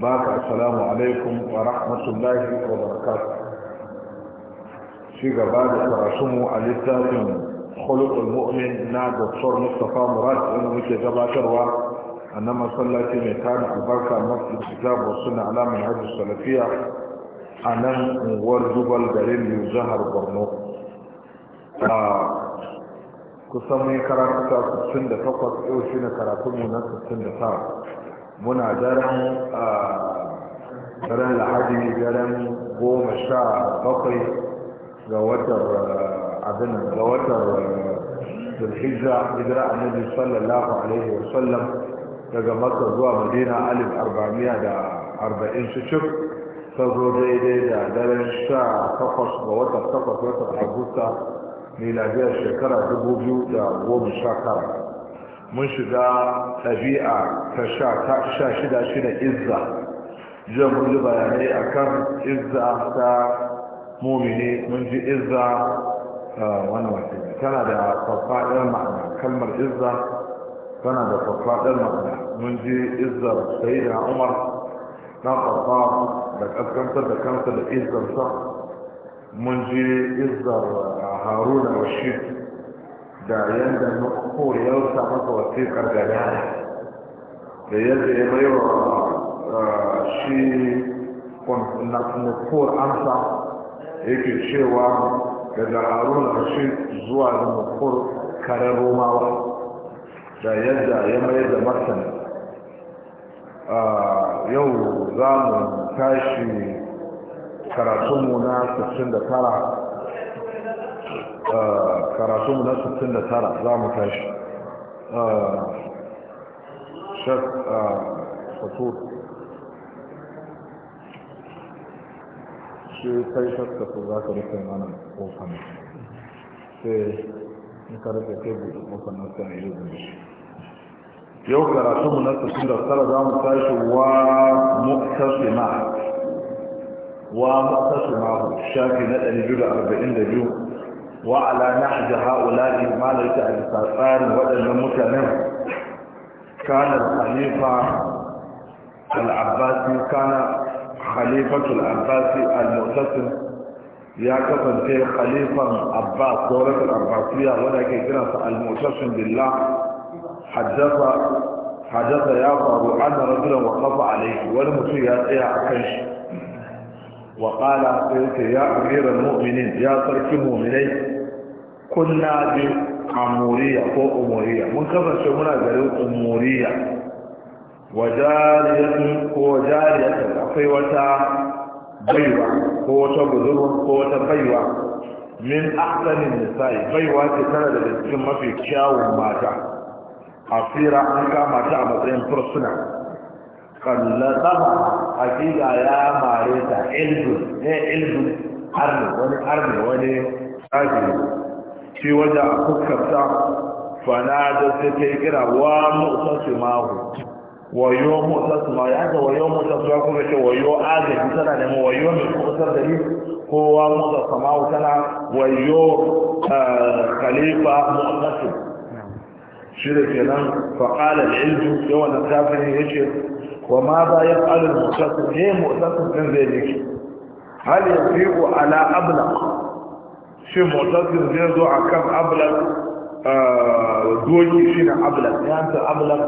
baka assalamu alaikum wa rahmatullahi wa barakatuh shi gaba da karatunmu a littafin khulqul mu'min na Dr. Mustapha Murad wanda muke gabatarwa a nan masallaci mai tana albarka masjid kitab wa sunna ala manhaj salafiya a nan unguwar Jubal garin New Jihar Borno a kusan mai karatu ta 68 yau shine karatunmu na 69 muna daren daren lahadi daren goma sha bakwai ga watar abin ga watar zulhijja hijira annabi sallallahu alaihi wa sallam daga makka zuwa madina alif arba'amiya da arba'in shishir ta zo daidai da daren sha takwas ga watar takwas watar agusta miladiyar shekara dubu biyu da goma sha tara mun shiga ɗabi'a ta sha shida shida izza jiya mun yi bayanai a kan izza ta mumini mun ji izza wani wata tana da faɗaɗar ma'ana kalmar izza tana da faɗaɗar ma'ana mun ji izza sai da umar na ƙafa da ƙasƙantar da kansa da izzarsa mun ji izzar haruna rashid da yadda mako ya wuta masa wasiƙar da da yadda ya bai wa ah, shi nukur amsa yake cewa daga harun shi zuwa da nukur kare romawa da yadda ya mai da martani ah, yau za mu tashi karatunmu na 69 karatu na 69 za mu tashi shak fatur shi kai shak fatur za ka rufe mana kofan sai in ka rufe kai kofan na sai yi zuwa yau karatu mu na 69 za mu tashi wa muktasima wa muktasima shafi na 142 وعلى نحج هؤلاء ما ليس عن أجساسان وأن المتنم كان الخليفة العباسي كان خليفة العباسي المؤتسم يا كفن في خليفة عباس دولة العباسية ولكن كنا المؤتسم بالله حدث حدث يا فارو أن رجلا وقف عليه والمسيح يا عكش وقال يا أمير المؤمنين يا ترك المؤمنين kunna bi amuriya ko umuriya mun kasance muna garin umuriya wajariyatun ko wajariyatun akwai wata baiwa ko wata gudurwa ko wata baiwa min ahsanin nisa'i baiwa ce tana da cikin mafi kyawun mata fira an kama ta a matsayin fursuna a hakika ya mare ta ilbin ne ilbin arni wani arni wani shi wajen a fuskarta da sai ta yi kira wa mu'tasu mahu wayo mu'tasu ma ya ga wayo mu'tasu ya kuma ce wayo agaji tana neman wayo mai kusa da ni kowa mu'tasu mahu tana wayo eh, khalifa mu'tasu shi da ke nan faƙalar ilju yawan da kafirin ya ce wa ma za ya ƙalin mu'tasu ne eh, mu'tasu ɗin zai ne hal ya ala abla shi motarsin zai zo a kan ablak doki shi na ablak ya ta ablak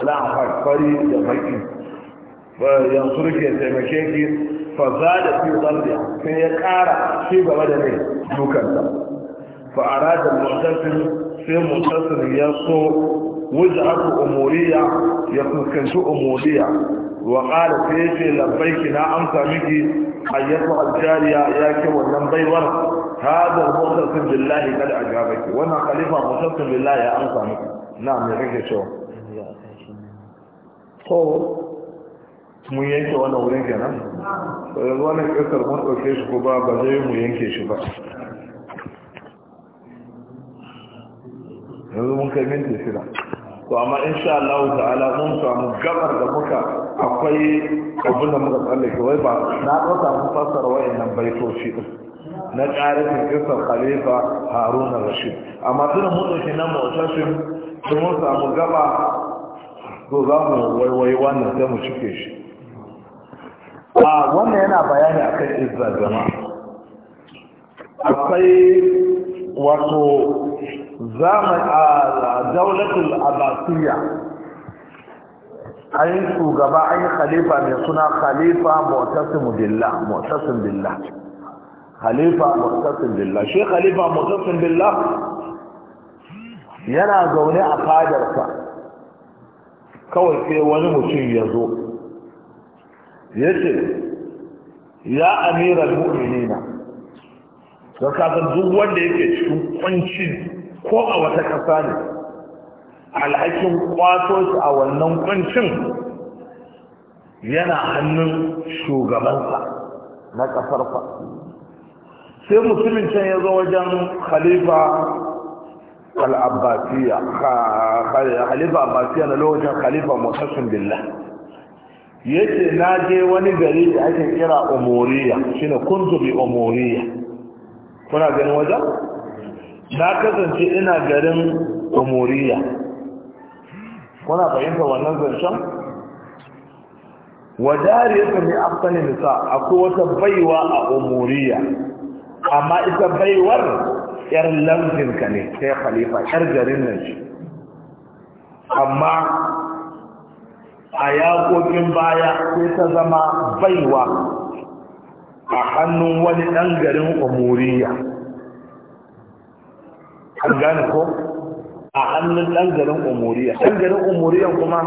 la'afar fari da maki yanzu rike taimake ki faza da fi zardiya sai ya kara shi gaba da ne dukansa fa'ara da motarsin sai motarsin ya so وجهه أمورية يتسكنت أمورية وقال فيتي لبيك لا أمسى مكي أيتها الجارية ياك ولنبي ورق hada mutassim billahi kada ajabaki wannan khalifa mutassim billahi ya amsa miki na me kake cewa Ko mu yanke wannan wurin kenan to yanzu wannan kasar mun dauke shi ko ba ba zai mu yanke shi ba yanzu mun kai minti shida to amma insha Allah ta'ala mun samu gabar da muka akwai abin da muka tsallake wai ba na ɗauka mun fassara wayannan baitoci din na ƙarfin kisar khalifa harun rashid amma mutu shi na motashin sun mun samu gaba to za mu waiwai wannan sai mu cike shi a wannan yana bayani akan izar jama'a akwai wato zamani a daulatul abasiya an yi shugaba an yi khalifa mai suna khalifa mu'tasim billah billah khalifa muktasin billah shi khalifa muktasin billah yana zaune a fadarsa kawai sai wani mutum ya zo ya ce ya mu'minina da kasan duk wanda yake cikin kwanci ko a wata ƙasa ne alhakin kwato shi a wannan kwancin yana hannun shugabansa na ƙasar fa sai musulmin can ya zo wajen khalifa al-abbasiya na lokacin khalifa mutassin billah ce na je wani gari da ake kira umuriya ne kun bi umuriya kuna ganin wajen na kasance ina garin umuriya kuna fahimta wannan zancen wajariyar ta yi aftanin nisa akwai wata baiwa a umuriya amma ita baiwar yar ka ne sai khalifa yar garin nan shi amma a yakokin baya sai ta zama baiwa a hannun wani ɗan garin umuriya an gane ko a hannun ɗan garin umuriya ɗan garin umuriyan kuma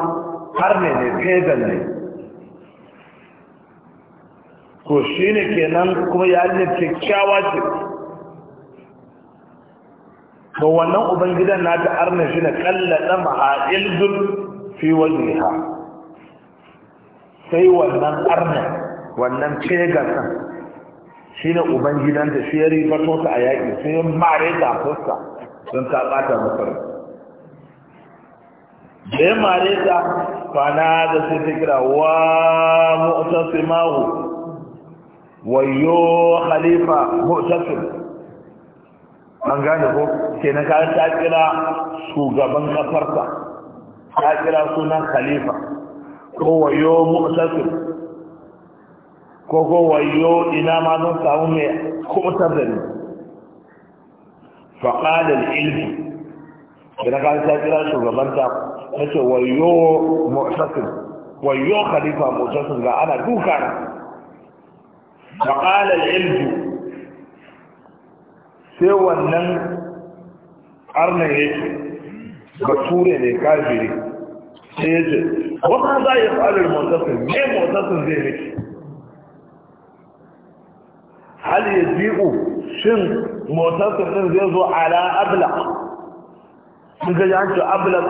har ne ne pagan ne to shi ne kenan kuma ya ne kyakkyawa ce ba wannan ubangidan na ta arna shi na kallada ma'a'il zul fi ha. sai wannan arna wannan pegasan shi ne ubangidan da shi ya riba ta a yaƙi sai yin mare da fuska don ta ɓata masar da ya mare ta fana da sai ta kira wa mu'tasimahu wayo khalifa mu'tasim an gane ko kenan ka ta kira shugaban kafarsa ta kira sunan khalifa ko wayo mu'tasim ko ko wayo ina ma zan samu mai kubutar da ni faƙalar ilmi da na kan ta kira shugabanta ta ce wayo mu'tasim wayo khalifa mu'tasim ga ana duka na da ƙalar ilju sai wannan arnan yake bature ne kafiri sai ya ce wata za a yi tsarin motasin ne motasin zai rike hal ya jiɓu shin motasin ɗin zai zo ala ablak sun ga an ce ablak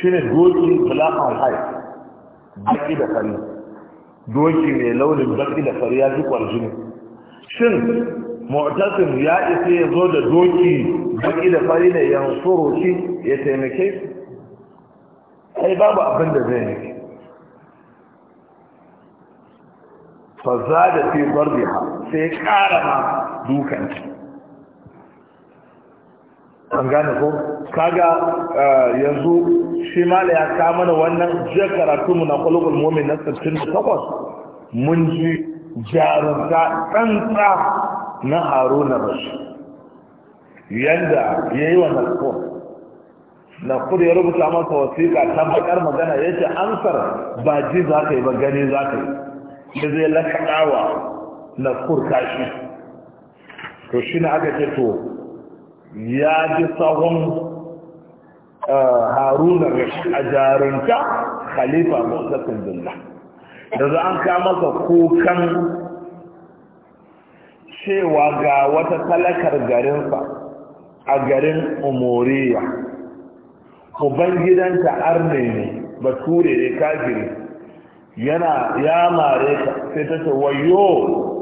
shi ne doki black and white baki da kanu doki mai launin baki da fariya ya fi shin mu'tasim ya isa ya zo da doki baki da fari da ya soro shi ya taimake ai babu abin da zai yi fa da fi barbiha sai kara ma dukanci an gane ko kaga eh, yanzu shi da ya ka mana wannan jiyar karatu mu na kulubul mu'min na 68 mun ji jarunta tsantsa na haruna yadda yanda yi wa nasfor nakur ya rubuta masa wasiƙa ta bakar magana ya ce ansar ba ji za ka yi ba gani za ka yi da zai lakaɗa wa nakur kashi to shi ne aka ce to ya ji sahun haruna a jarinta khalifa mutsakin billah da za an kama ka kukan cewa ga wata talakar garinsa a garin umoriya ubangidanta arne ne ba bature ne kafiri yana ya mare ka sai ta ce wayo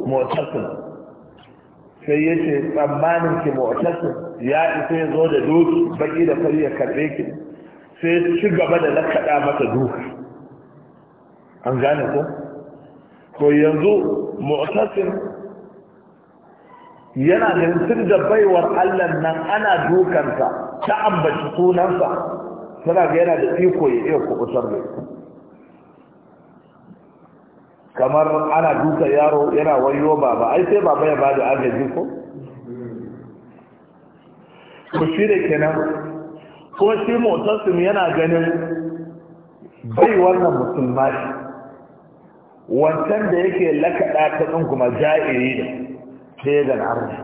mutsakin sai ya tsammanin ki mutsakin ya isa ya zo da doki baki da fari ya karbe ki sai ci gaba da kaɗa masa duka an gane ko ko yanzu mu'tasim yana da tun da baiwar Allah nan ana dukansa ta ambaci sunansa suna ga yana da iko ya iya kubutar da kamar ana duka yaro yana wayo baba ai sai baba ya bada agaji ko ku shi da kenan kuma shi motarsu yana ganin bai wannan mutum ba shi wancan da yake lakaɗa ta ɗin kuma ja'iri da tegan arzi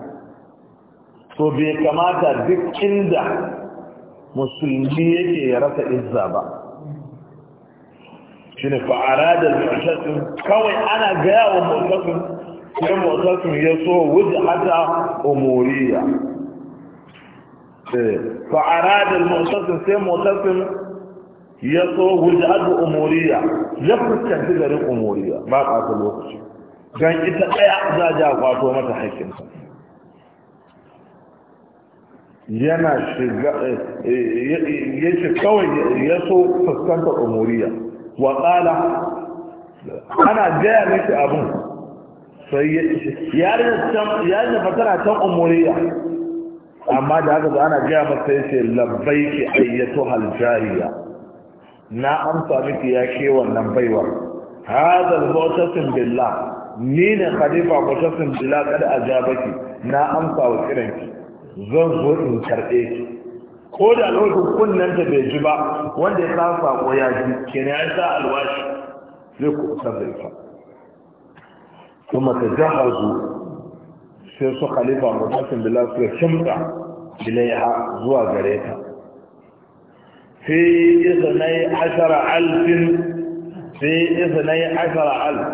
so bai kamata duk inda musulmi yake ya rasa izza ba shi ne fa'ara da kawai ana gaya wa motarsu, sai motarsu ya so wuce hata umuriya إيه. فأراد المعتصم سيم معتصم يصو وجهه أمورية يفرس تحديد أمورية ما قاتل الوقت كان أي أعزاء جاء قاتل متى حكم ينا shiga ya ce فسكنت ya وقال أنا umuriya wa أبوه ana يا miki abin sai ya amma da haka ba ana gaya masa ya ce labbai ki ayyato haljariya na amsa miki ya ke wannan baiwa hazal bautasin billah ni ne khalifa bautasin billah kada ajabaki na amsa wa kiranki zan zo in karɓe ki ko da lokacin kunnan ta bai ji ba wanda ya samu sako ya ji kenan ya sa alwashi zai ku kusa fa. kuma ta jahazu sai su khalifa mutasin billah suka kimta ilaiha zuwa gare ta fi izinai ashara alfin fi izinai ashara alf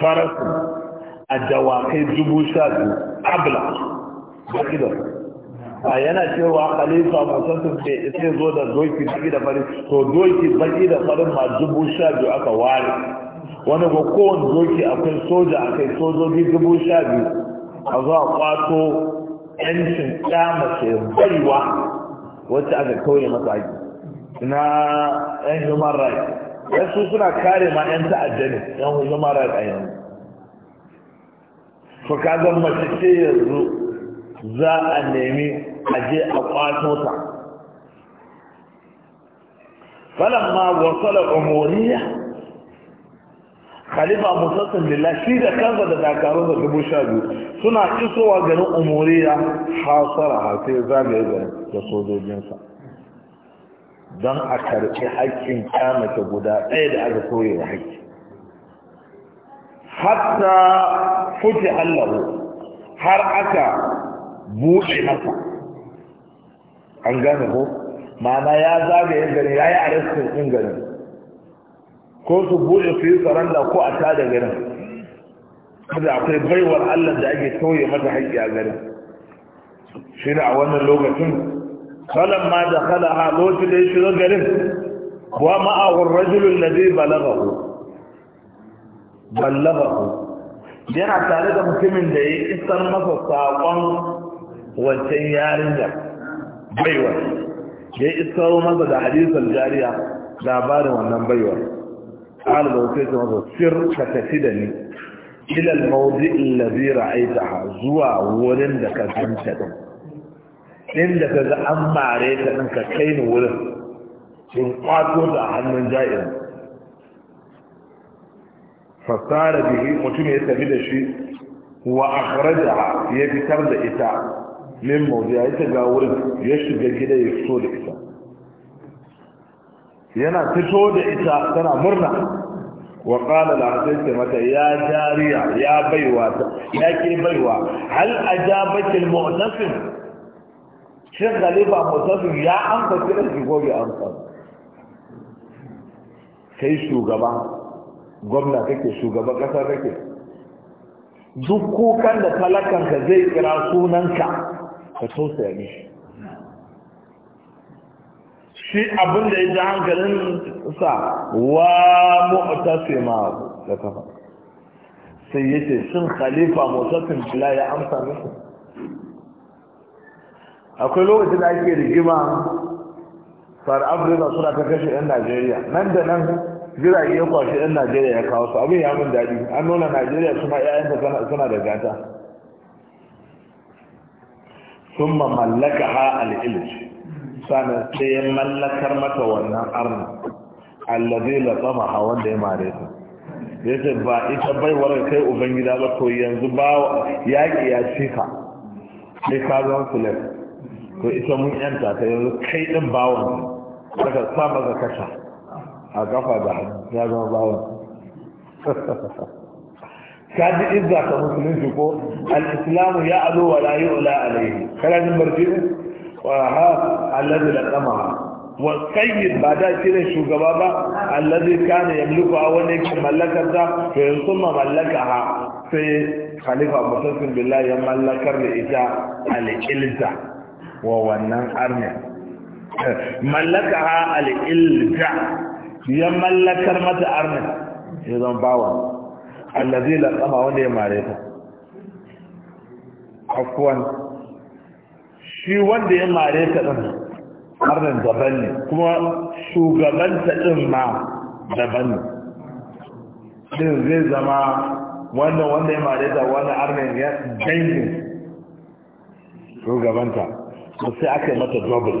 farasu a dawakai dubu sha biyu abla baki da a yana cewa khalifa musamman da sai zo da doki baki da fari to doki baki da farin ma dubu sha biyu aka ware wani ga kowane doki akwai soja akwai sojoji dubu sha biyu a zuwa kwato yancin mace baiwa wacce aka kawai masa haƙi na yan human rights yasu suna kare ma yan ta'adda ne yan human rights a yanzu to kaga mace ce yanzu za a nemi a je a kwato ta falamma wasala umuriya khalifa abu sassan billah shi da kansa da dakarun da dubu sha biyu suna isowa ganin umuriya hasara hasai zagaye da da sojojinsa don a karɓi haƙƙin kyamata guda ɗaya da aka koye da haƙƙi hatta futi allahu har aka buɗe masa an gane ko ma'ana ya zagaye gari ya yi arestin ɗin garin ko su buɗe su yi tsaron ko a ta da garin kada akwai baiwar allah da ake tauye mata haƙƙi a garin shi a wannan lokacin kalan ma da kala a lokacin da ya shiga garin wa ma'awar rajulun da zai balagahu ballagahu yana tare da mutumin da ya isar masa saƙon wancan yarinya baiwar ya isar masa da hadisar jariya labarin wannan baiwar قال لو كنت مصر سر كتفدني إلى الموضع الذي رأيتها زوا ولن لك جمسة إن لك أما عليك أنك كين ولن تنقاطه لأحد من جائر فصار به متم يتفيد شيء وأخرجها يكتر لإتاء من موضع يتجاور يشتغل كده يفصول إتاء yana fito da ita tana murna wa qala la hadith mata ya jariya ya baiwa ya ke baiwa hal ajabaki al mu'tasib shin galiba mu'tasib ya amsa kiran shi gobe amsa kai shugaba gwamna kake shugaba kasa kake duk kukan da talakanka zai kira sunanka ka tausaya mishi shi abin da ya ji hankalin sa wa mu'tasima da kafa sai yace shin khalifa mu'tasim bila ya amsa musu akwai lokacin da ake rigima far afirka suna ta kashe yan najeriya nan da nan jirage ya kwashe yan najeriya ya kawo su abin ya min daɗi an nuna najeriya suna ƴaƴanta suna da gata sun mamallaka ha sannan sai ya mallakar mata wannan arna allazi la tsamaha wanda ya mare ta ya ce ba ita baiwar kai ubangida ba to yanzu ba yaƙi ya ce ka sai ka zan sulai to ita mun yanta ta yanzu kai ɗin bawon daga sama ga kasha a gafa da ya zama bawon ka ji izza ka musulunci ko al-islamu ya alo wa la yu'la alayhi kana jin barji'u طه الذي لقمها والسيد بعد كده شugaba ba الذي كان يملكها wani yake mallakar ta fa kuma mallaka ha sai khalifa mutasim billahi ya mallakar da ita al-ilza wa wannan arne mallakaha al-ilza ya mallakar mata arne ya zan bawa allazi laqama wanda ya mare ta afwan shi wanda ya mare ta ɗin harin daban ne kuma shugabanta ɗin ma daban ne ɗin zai zama wanda wanda ya mare ta wani arnin ya dangin shugabanta to sai aka yi mata double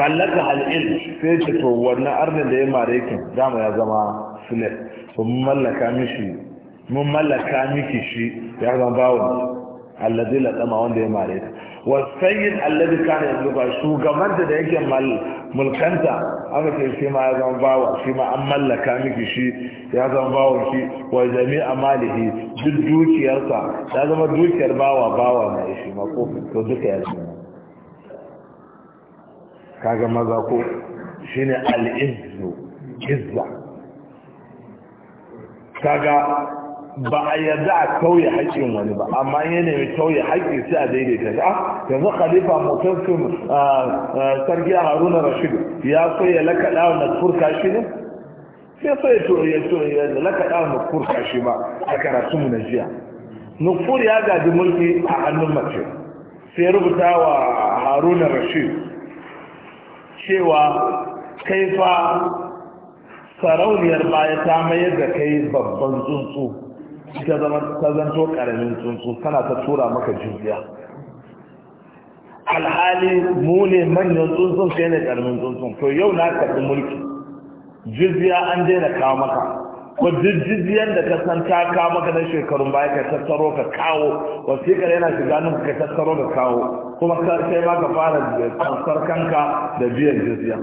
mallaka al'il sai ce to wannan arnin da ya mare kin dama ya zama slip to mun mallaka mishi mun mallaka miki shi ya zama bawon alladila tsama wanda ya mare ta wasayin allazi kana yanzu ba shugabanta da yake mulkanta aka ce shi ya zama bawa shi an mallaka miki shi ya zama bawa shi wa jami'a malihi duk dukiyarsa ya zama dukiyar bawa bawa mai shi ma ko duka ya zama kaga maza ko shine al-izzu izza kaga ba a yarda a kauye haƙƙin wani ba amma ya nemi kauye haƙƙi sai a daidaita ta ah, yanzu khalifa mutum ah, ah, sarki a haruna rashid ya so ya lakaɗa wa nasfurka shi ne sai so ya lakaɗa wa nasfurka shi ba a karatu mu na jiya nufur ya gaji mulki a hannun mace sai rubuta wa haruna rashid cewa kai fa sarauniyar baya ta mayar da kai babban tsuntsu ka zama karamin tsuntsu kana ta tura maka juriya alhali mu ne manyan tsuntsun sai ne karamin tsuntsun to yau na karɓi mulki jizya an daina kawo maka ko jizyan da ka san ta kawo maka na shekarun baya ka tattaro ka kawo wasiƙar yana shiga nan ka tattaro ka kawo kuma sai ma ka fara kansar kanka da biyan jizya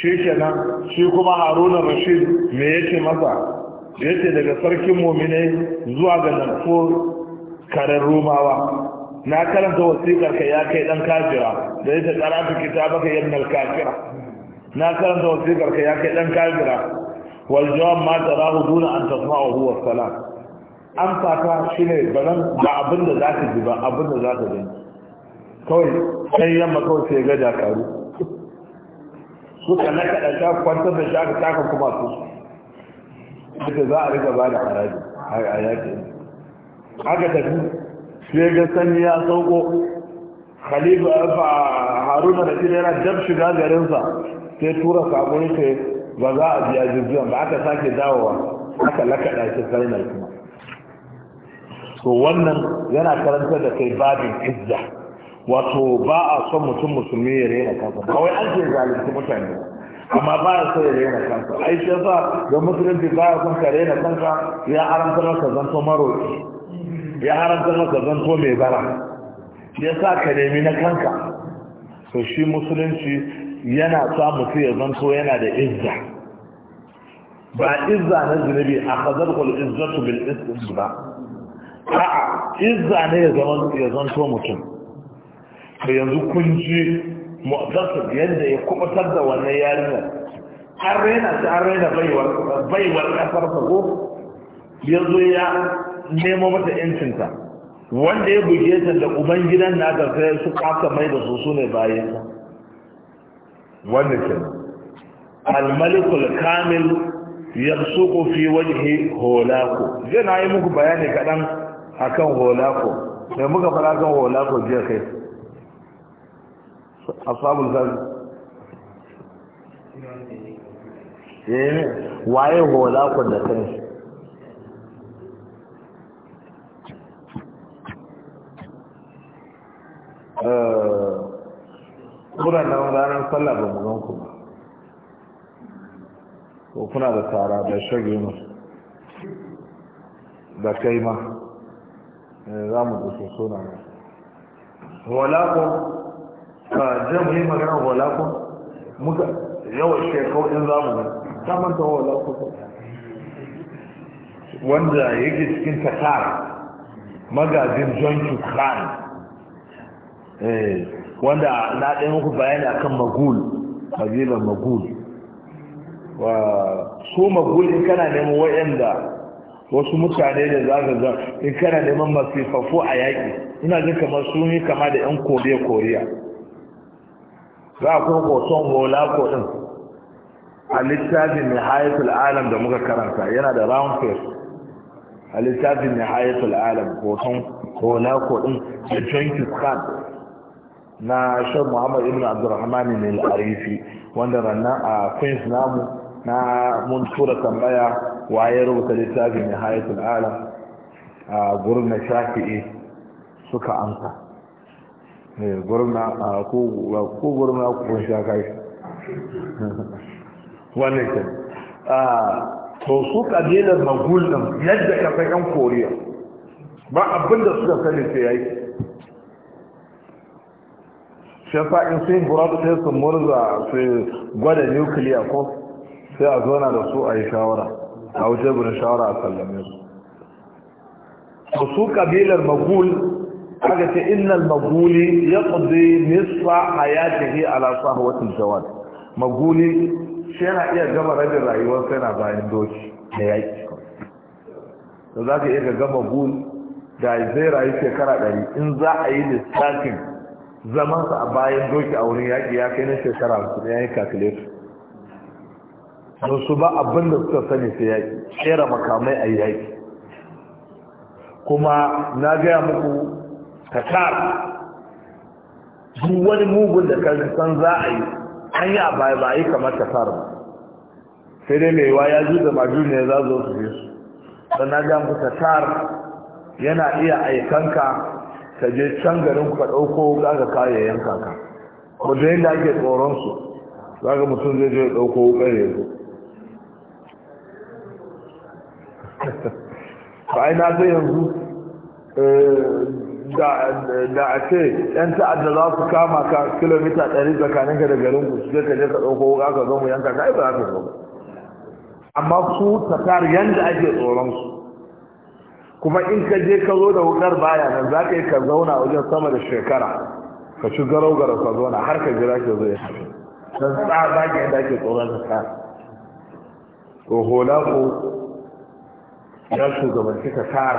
shi kenan shi kuma haruna rashid me yake masa yake daga sarkin muminai zuwa ga nafo karen rumawa na karanta wasiƙar ka ya kai dan kafira da yake karatu ka yan kafira na karanta wasiƙar ka ya kai dan kafira wal jawab ma tarahu duna an tasma'u huwa salam an fata shine bazan ba abin da zaka ji ba abin da zaka ji kawai sai yamma kawai sai ga dakaru suka nakaɗa ta kwantar da shi aka kuma su suka za a riga ba da haraji a yaƙi aka tafi sai ga sanyi ya sauko khalifa fa haruna da kira yana shiga garinsa sai tura sabon sai ba za a biya jirgin ba aka sake dawowa aka lakaɗa shi sarnar kuma to wannan yana karantar da kai babin izza wato ba a son mutum musulmi ya rena kansa kawai an ce zalunci mutane amma ba a son ya rena kansa ai shi yasa da musulunci ba a son ka rena kanka ya haramta maka zanto maroki ya haramta maka zanto mai bara shi yasa ka nemi na kanka to shi musulunci yana sa mutum ya zanto yana da izza ba izza na zunubi a kazar kul izzatu bil ism ba a'a izza ne ya zanto mutum to yanzu kun ji mu'azzasir yadda ya kubatar da wannan yarinya an raina ta raina baiwar kasar ta ko yanzu ya nemo mata yancinta wanda ya buge ta da uban gidan na ta sai su kasa mai da su sune bayan ta wanda ke al-malikul kamil yabsuqu fi wajhi holako zai na yi muku bayani kaɗan akan holako sai muka fara kan holako jiya kai asabul gari eh waye hola ku da kanshi eh, kuna da ranar sallah ba mu ku ba ko kuna da tara da shage mu da kai ma eh, za mu dusa suna wala ku jiya ah, mu yi magana wala ko muka shi shekau in za mu ta manta wala ko wanda yake cikin tatar magajin john khan eh, wanda na ɗaya muku bayani akan magul kabilar magul wa so magul in kana neman wayanda wasu mutane da za ka in kana neman masifafu a yaƙi ina jin kamar sun yi kama da 'yan koriya koriya za a kuma hoton holako din a littafin nihayatul alam da muka karanta yana da round face a littafin nihayatul alam hoton holako din da jenkins khan na shan muhammad ibn abdurrahman ne al-arifi wanda rannan a queens namu na mun tura tambaya waye rubuta littafin nihayatul alam a gurin na shafi'i suka amsa Eh, gurna a ko gurna ko shaka shi wannan ke to su kabilar magul din yadda kafa yan koriya ba abinda suka sani sai yayi shafa in sai buratu sai su murza su gwada nukiliya ko sai a zona da su a yi shawara a wuce burin shawara a sallame su su kabilar magul aka ce innal maguli yaqdi nisfa hayatihi ala sahwatil jawad maguli shi yana iya gama rabin rayuwar sai na bayan doki da yaki da za ka iya ga gama gul da zai rayu shekara ɗari in za a yi lissafin sa a bayan doki a wurin yaƙi ya kai na shekara hamsin ya yi calculator don su ba abin da suka sani sai yaƙi kera makamai a yaƙi kuma na gaya muku ka tara duk wani mugun da kan san za a yi an yi a baya ba yi kamar ka ba sai dai mai wa ya ji da maju ne za zo su je su na ga muku tatar yana iya aikanka ka je can garin ku ka ɗauko ga kayayyan kaka ko da yadda ake tsoron su za ga mutum zai je ɗauko wukar ya zo ba na zai yanzu eh, da yan ta'adda za su kama ka kilomita 100 tsakanin ka da garin ku sai ka je ka dauko wuka ka zo mu yanka ka ai ba ka zo amma su tatar yanda ake tsoron su kuma in ka je ka zo da wukar baya nan za ka yi ka zauna wajen sama da shekara ka ci garau garau ka zauna har ka jira ka zo ya hafi tsa ba yadda ake tsoron tatar to hola ku ya shugabanci tatar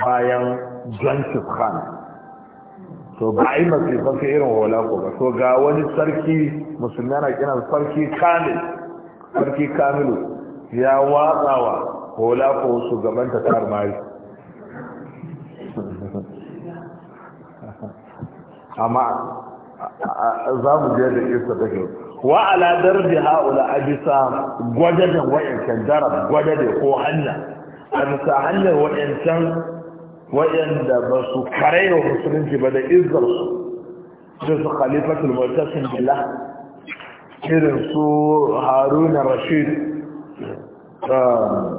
bayan jankis khan to ba a yi masifan ka irin ko ba to ga wani sarki musulmi ana kina sarki kamil sarki kamilu ya watsawa ko su gaban ta mari amma za mu je da isa ke wa ala darbi haula abisa gwajajen wa'yancan darab gwajajen ko hanya a bisa hanyar wa'yancan wayanda ba su karewa musulunci ba da izar su su su khalifatul mutasim billah irin su haruna rashid um,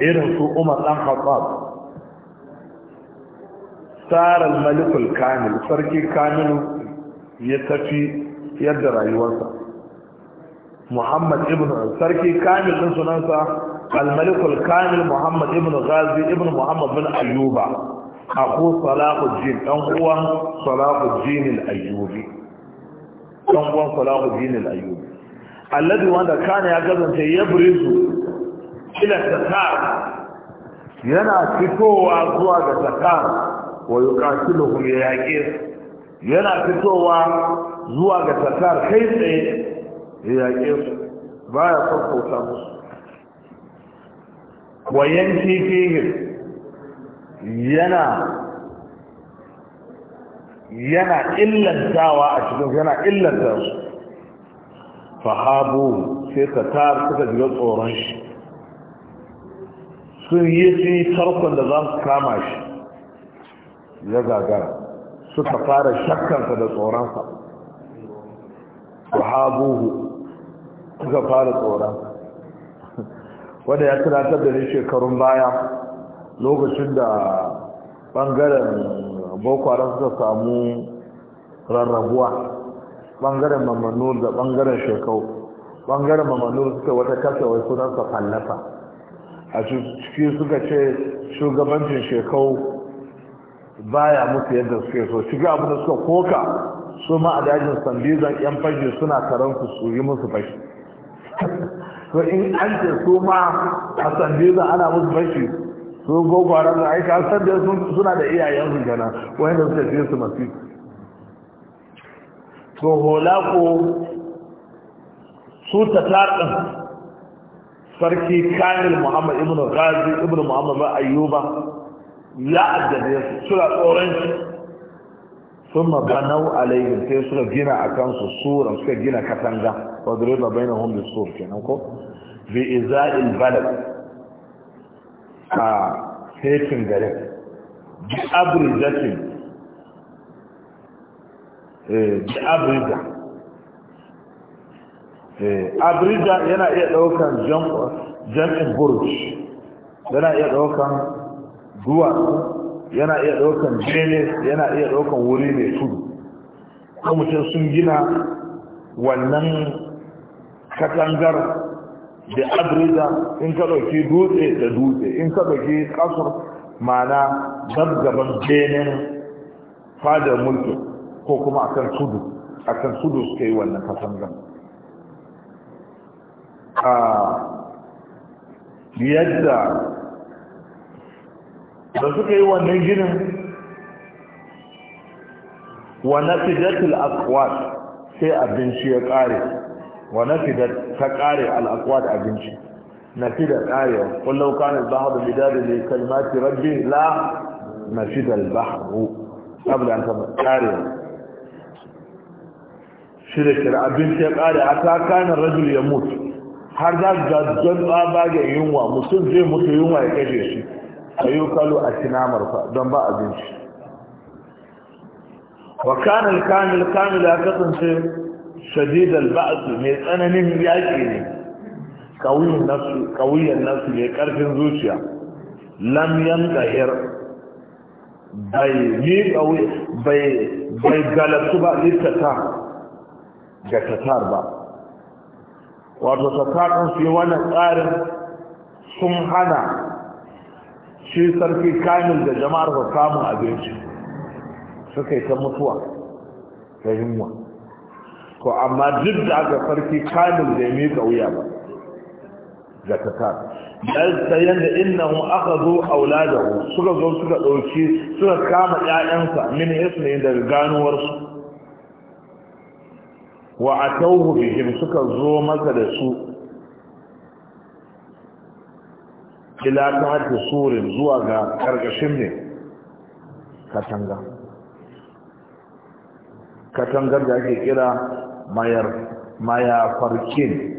irin su umar dan khattab tsara malikul kamil sarki kamilu ya tafi yadda rayuwarsa muhammad ibn sarki kamil din sunansa almalikul kamil muhammad ibn Gazi, ibn muhammad bin ayyuba aku salahuddin ɗan uwan salahuddin al-ayyubi dan uwan salahuddin al-ayyubi alladhi wanda kana ya gazanta yabrizu ila takar yana fitowa zuwa ga takar wa yuqatiluhum ya yaqir yana fitowa zuwa ga takar kai tsaye ya su, yaqir baya sassauta musu wa yanki fihim yana yana illantawa a cikin yana illanta su fahabu sai ka tar suka jiga tsoron shi sun yi su tarkon da za su kama shi ya gagara suka fara shakkansa da tsoronsa fahabuhu suka fara tsoron wanda ya tunatar da ni shekarun baya lokacin da ɓangaren bokwara suka samu rarrabuwa ɓangaren mamanur da ɓangaren shekau ɓangaren mamanur suka wata kasa wai sunansa fallasa a cikin suka ce shugabancin shekau baya musu yadda suke so shiga abin da suka koka su ma a dajin sambizan yan fashi suna karansu su yi musu fashi to in an ce su ma a sanbe za ana musu bashi su gogwara da aika san suna da iyayen su gana da suka fi su masu to hola ko su ta taɗin sarki kanil muhammad ibn ghazi ibn muhammad ba ayyuba ya addabe su suna tsoron shi sun mabanau alaihim sai suka gina a kansu suran suka gina katanga wadda riba bai na homeless sur kenan ko bi iza'il balad a haifin garin bi abrijatin eh, bi abrija eh, abrija yana iya daukan jam'in burj yana iya daukan duwatsu yana iya ɗaukan bene yana iya ɗaukan wuri mai tudu ko mutum sun gina wannan katangar da abrida in ka ɗauki dutse da dutse in ka ɗauki ƙasar mana gabgaban jenen fadar mulki ko kuma akan tudu akan tudu suka yi wannan katangar ah, yadda da suka yi wannan ginin wa nafidatul aqwat sai abinci ya kare wa nafidat ta kare al aqwat abinci nafida kare kullu kana al bahru bidad da kalimati rabbi la nafida al bahru da an kare shi da abinci ya kare ta kanin rajul ya mutu har za ga jan tsaba ga yunwa mutum zai mutu yunwa ya kashe shi a yi kalu a cinamarsa don ba abinci wa kanil kamil kanil ya kasance shadidal ba'su mai tsananin yaƙi ne kawiyan nasu mai ƙarfin zuciya lam yankahir bai miƙa bai galatu ba littata ga tatar ba wato tatar sun yi wannan tsarin sun hana shi sarki kamil da jama'ar ba samun abinci suka yi ta mutuwa ta yunwa ko amma duk da aka sarki kamil da ya miƙa wuya ba da ta ta da yadda innahu aka zo auladahu suka zo suka ɗauki suka kama ƴaƴansa min ismail daga ganuwarsu wa Tauhu bihim suka zo masa da su ila ta haka surin zuwa ga ƙarƙashin ne katanga katangar da ake kira mayar mayafarkin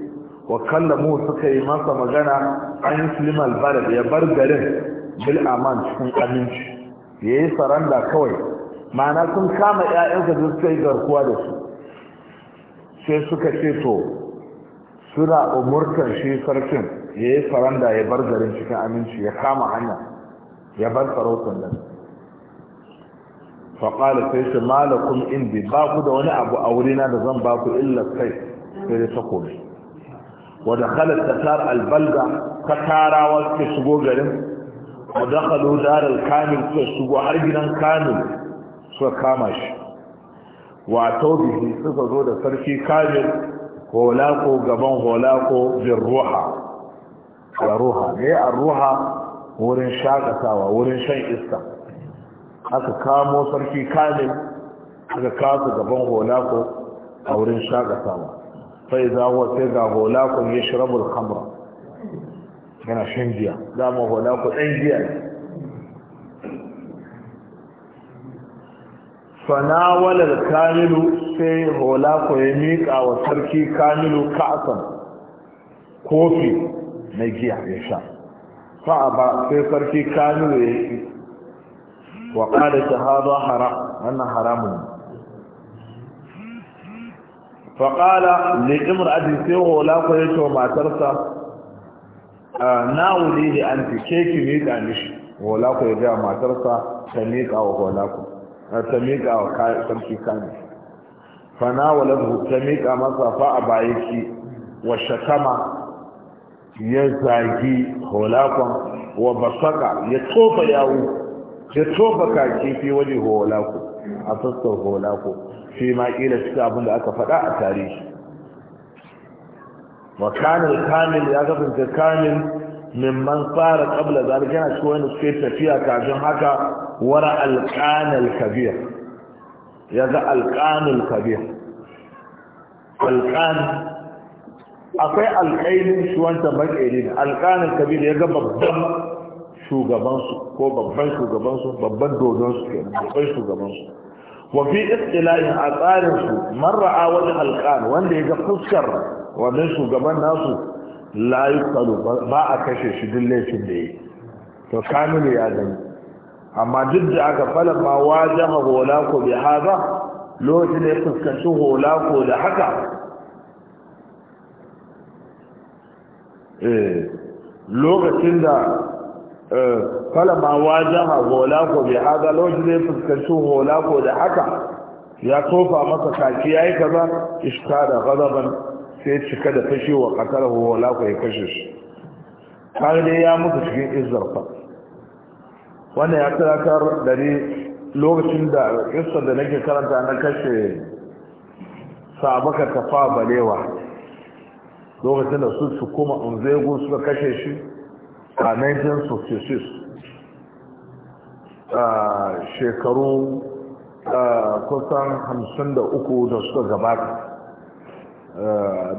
wa kallamu suka yi masa magana an muslim albalad ya bar garin bil aman cikin aminci ya yi saranda kawai mana sun kama 'ya'yansa da suka yi garkuwa da su sai suka ce to suna umurtar shi sarkin ya yi faranda ya bar garin cikin aminci ya kama hanya ya bar sarautar nan faƙali sai shi malakun indi ba ku da wani abu a wurina da zan ba ku illa kai sai dai takobi wadda khalar tatar albalda ta tarawa suke shigo garin wadda khalu darar kamil suka shigo har gidan kamil suka kama shi wato bihi suka zo da sarki kamil holako gaban holako bin ruha ruha ne a ruha wurin shakatawa wurin shan iska aka kamo sarki kamil aka kasu gaban holako a wurin shakatawa sai za a sai ga holakon ya shirabul hamra yana shan giya dama holakon ɗan giya ne fanawalar kamilu sai holako ya miƙa wa sarki kamilu ka'asan kofi na giya ya sha sa'a ba sai sarki kanu ya yi wa ƙada shahada haram wannan haramun ne faƙala ne ƙimar sai hola ko ya ce wa matarsa na wuli da an fi keki miƙa mishi hola ko ya ga matarsa ta miƙa wa hola ko ta miƙa wa sarki kanu fa wa lagu ta miƙa masa fa'a bayan ki wa shakama ya zagi holakon wa basaka ya tofa yawo ya tofa kaki fi waje holako a sassar holako shi ma ƙila cikin abin da aka faɗa a tarihi wa kanil kamil ya kasance kamil mimman fara kabla zargin yana cikin wani suke tafiya kafin haka wara alƙanil kabiya ya ga alƙanil kabir alƙan akwai alƙailin shi wancan makeri ne alƙanin kabir ya ga babban shugabansu ko babban shugabansu babban dodonsu ke babban shugabansu wafi istilahin a tsarinsu a wani alƙan wanda ya ga fuskar wannan shugaban nasu layu kalu ba a kashe shi duk laifin da ya yi to kamilu ya gani amma duk da aka falon ma wajen hola ko bi haza lokacin da ya fuskanci hola ko da haka Eh, lokacin da eh, falama hola ko bai haza lokacin da ya fuskanci ko da haka ya tofa maka kaki ya yi kaza iska da gazaban sai cika da fashe wa katar ko ya kashe shi har dai ya mutu cikin izarfa wannan ya tattar da ne lokacin da isar da nake karanta na kashe sabaka tafa balewa lokacin da su su kuma unzego suka kashe shi a 1966 a shekaru kusan 53 da suka gabata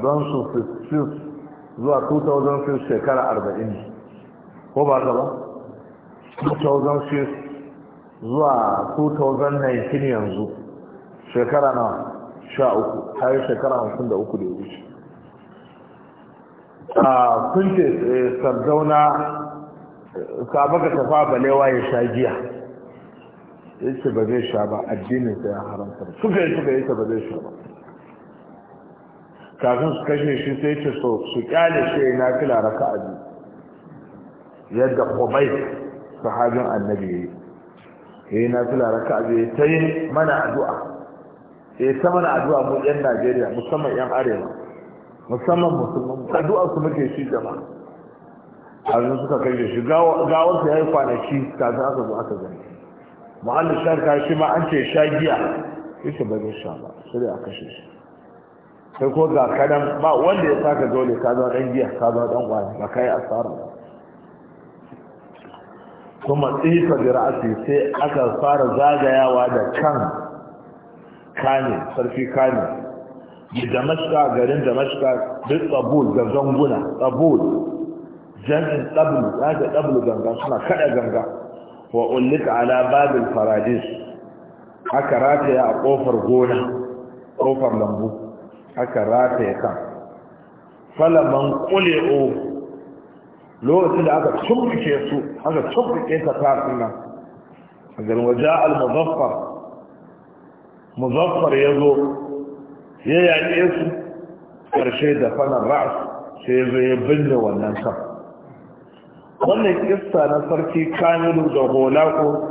don su 66 zuwa 2006 shekara 40 ko ba ta ba 2006 zuwa 2019 yanzu shekara na 13 har shekara 53 da ya wuce sun ce eh, sardauna sabaka tafa balewa ya sha giya ya ce ba zai sha ba addinin addininsa ya haramta suka yi suka yi ta ba zai sha ba kafin su kashe shi sai ce so su kyale shi ya na fila raka abu yadda kubai sahabin annabi ya yi ya yi na fila raka ya ta yi mana addu'a ya ta mana addu'a mu yan najeriya musamman yan arewa musamman musulman addu'a su muke shi jama'a har suka kai da shi gawar ya yi kwanaki kafin aka zo aka gani mu'allin sharka shi ma an ce sha giya yace ba zai sha ba sai a kashe shi sai ko ga kadan ba wanda ya saka dole ka zo dan giya ka zo dan kwana ba kai asara ba kuma tsifa da ra'asi sai aka fara zagayawa da kan kane sarfi kane bi damashka garin damashka duk tsabul da zanguna tsabul jami'in tsabulu ya ce tsabulu ganga suna kada ganga wa ulika ala babin faradis aka rata ya a kofar gona kofar lambu aka rata rataya kan falaman kule'o lokacin da aka tumbuke su aka tumbuke ta tafin nan a garin waje al-muzaffar muzaffar ya zo ya yaƙe su ƙarshe da fanar ra'as sai zai binne wannan kan wannan kissa na sarki kamilu da holako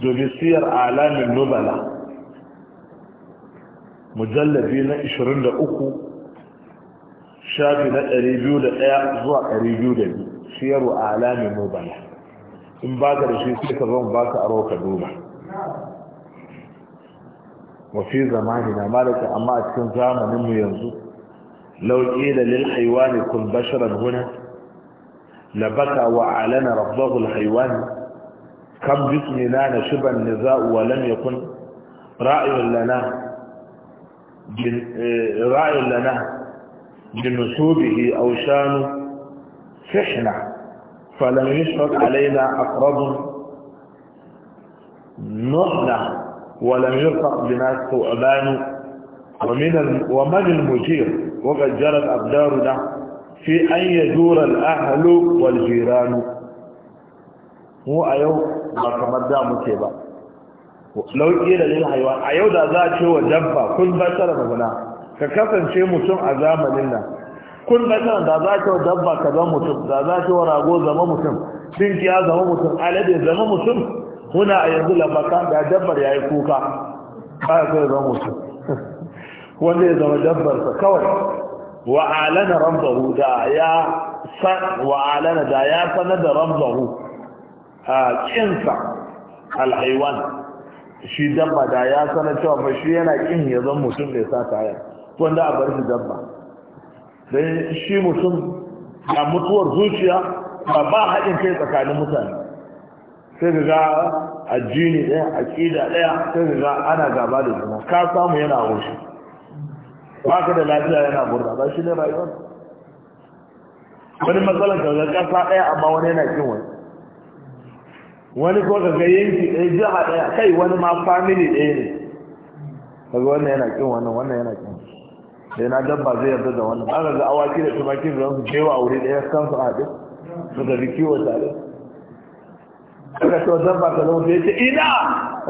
dubisiyar alamin nubala mujallabi na 23 shafi na 201 zuwa 202 siyarwa alamin nubala in ba ka da shi sai ka zan ba ka aro ka duba وفي زماننا مالك اما اكن زماننا يمزو لو قيل للحيوان كن بشرا هنا لبكى وعلنا ربه الحيوان كم لنا نشب النزاء ولم يكن رأي لنا جن... آه، رأي لنا بنسوبه او شانه فحنا فلم يشرط علينا اقرب نحنا ولم يرفق بما ثعبان ومن ومن المجير وقد جرت أقدارنا في أن يدور الأهل والجيران مو أيو ما كمدى مكيبا لو قيل للحيوان أيو دا ذات هو جبا كن بشرا هنا ككفن شيء مسلم عزاما لنا كن بشرا دا ذات هو جبا كذا مسلم دا ذات هو راغو زما مسلم بنتي هذا هو مسلم على ذي زما مسلم kuna a yanzu lamakan da dabbar ya yi kuka ba ya zama mutu wanda ya zama dabbarsa kawai wa'alana ramzahu da ya san wa'alana da ya sanar da ramzahu a kinsa alhaiwan shi dabba da ya sanar cewa ba shi yana kin ya zama mutum da ya sa kaya wanda a bar shi dabba don shi mutum na mutuwar zuciya ba ba haɗin kai tsakanin mutane sai za a ajini ɗaya a ƙida ɗaya sai ka ga ana gaba da juna ka samu yana hoshi ba ka da lafiya yana burna ba shi ne rayuwar wani matsalar ka ga ƙasa ɗaya amma wani yana ƙin wani wani ko ka ga yanki ɗaya jiha ɗaya kai wani ma famili ɗaya ne ka ga wannan yana ƙin wannan wannan yana ƙin sai na dabba zai yarda da wannan ba ka ga awaki da tumaki da su jewa a wuri ɗaya kansu a haɗe su ga kiwo tare aka ce wajen ba ka zama ta ina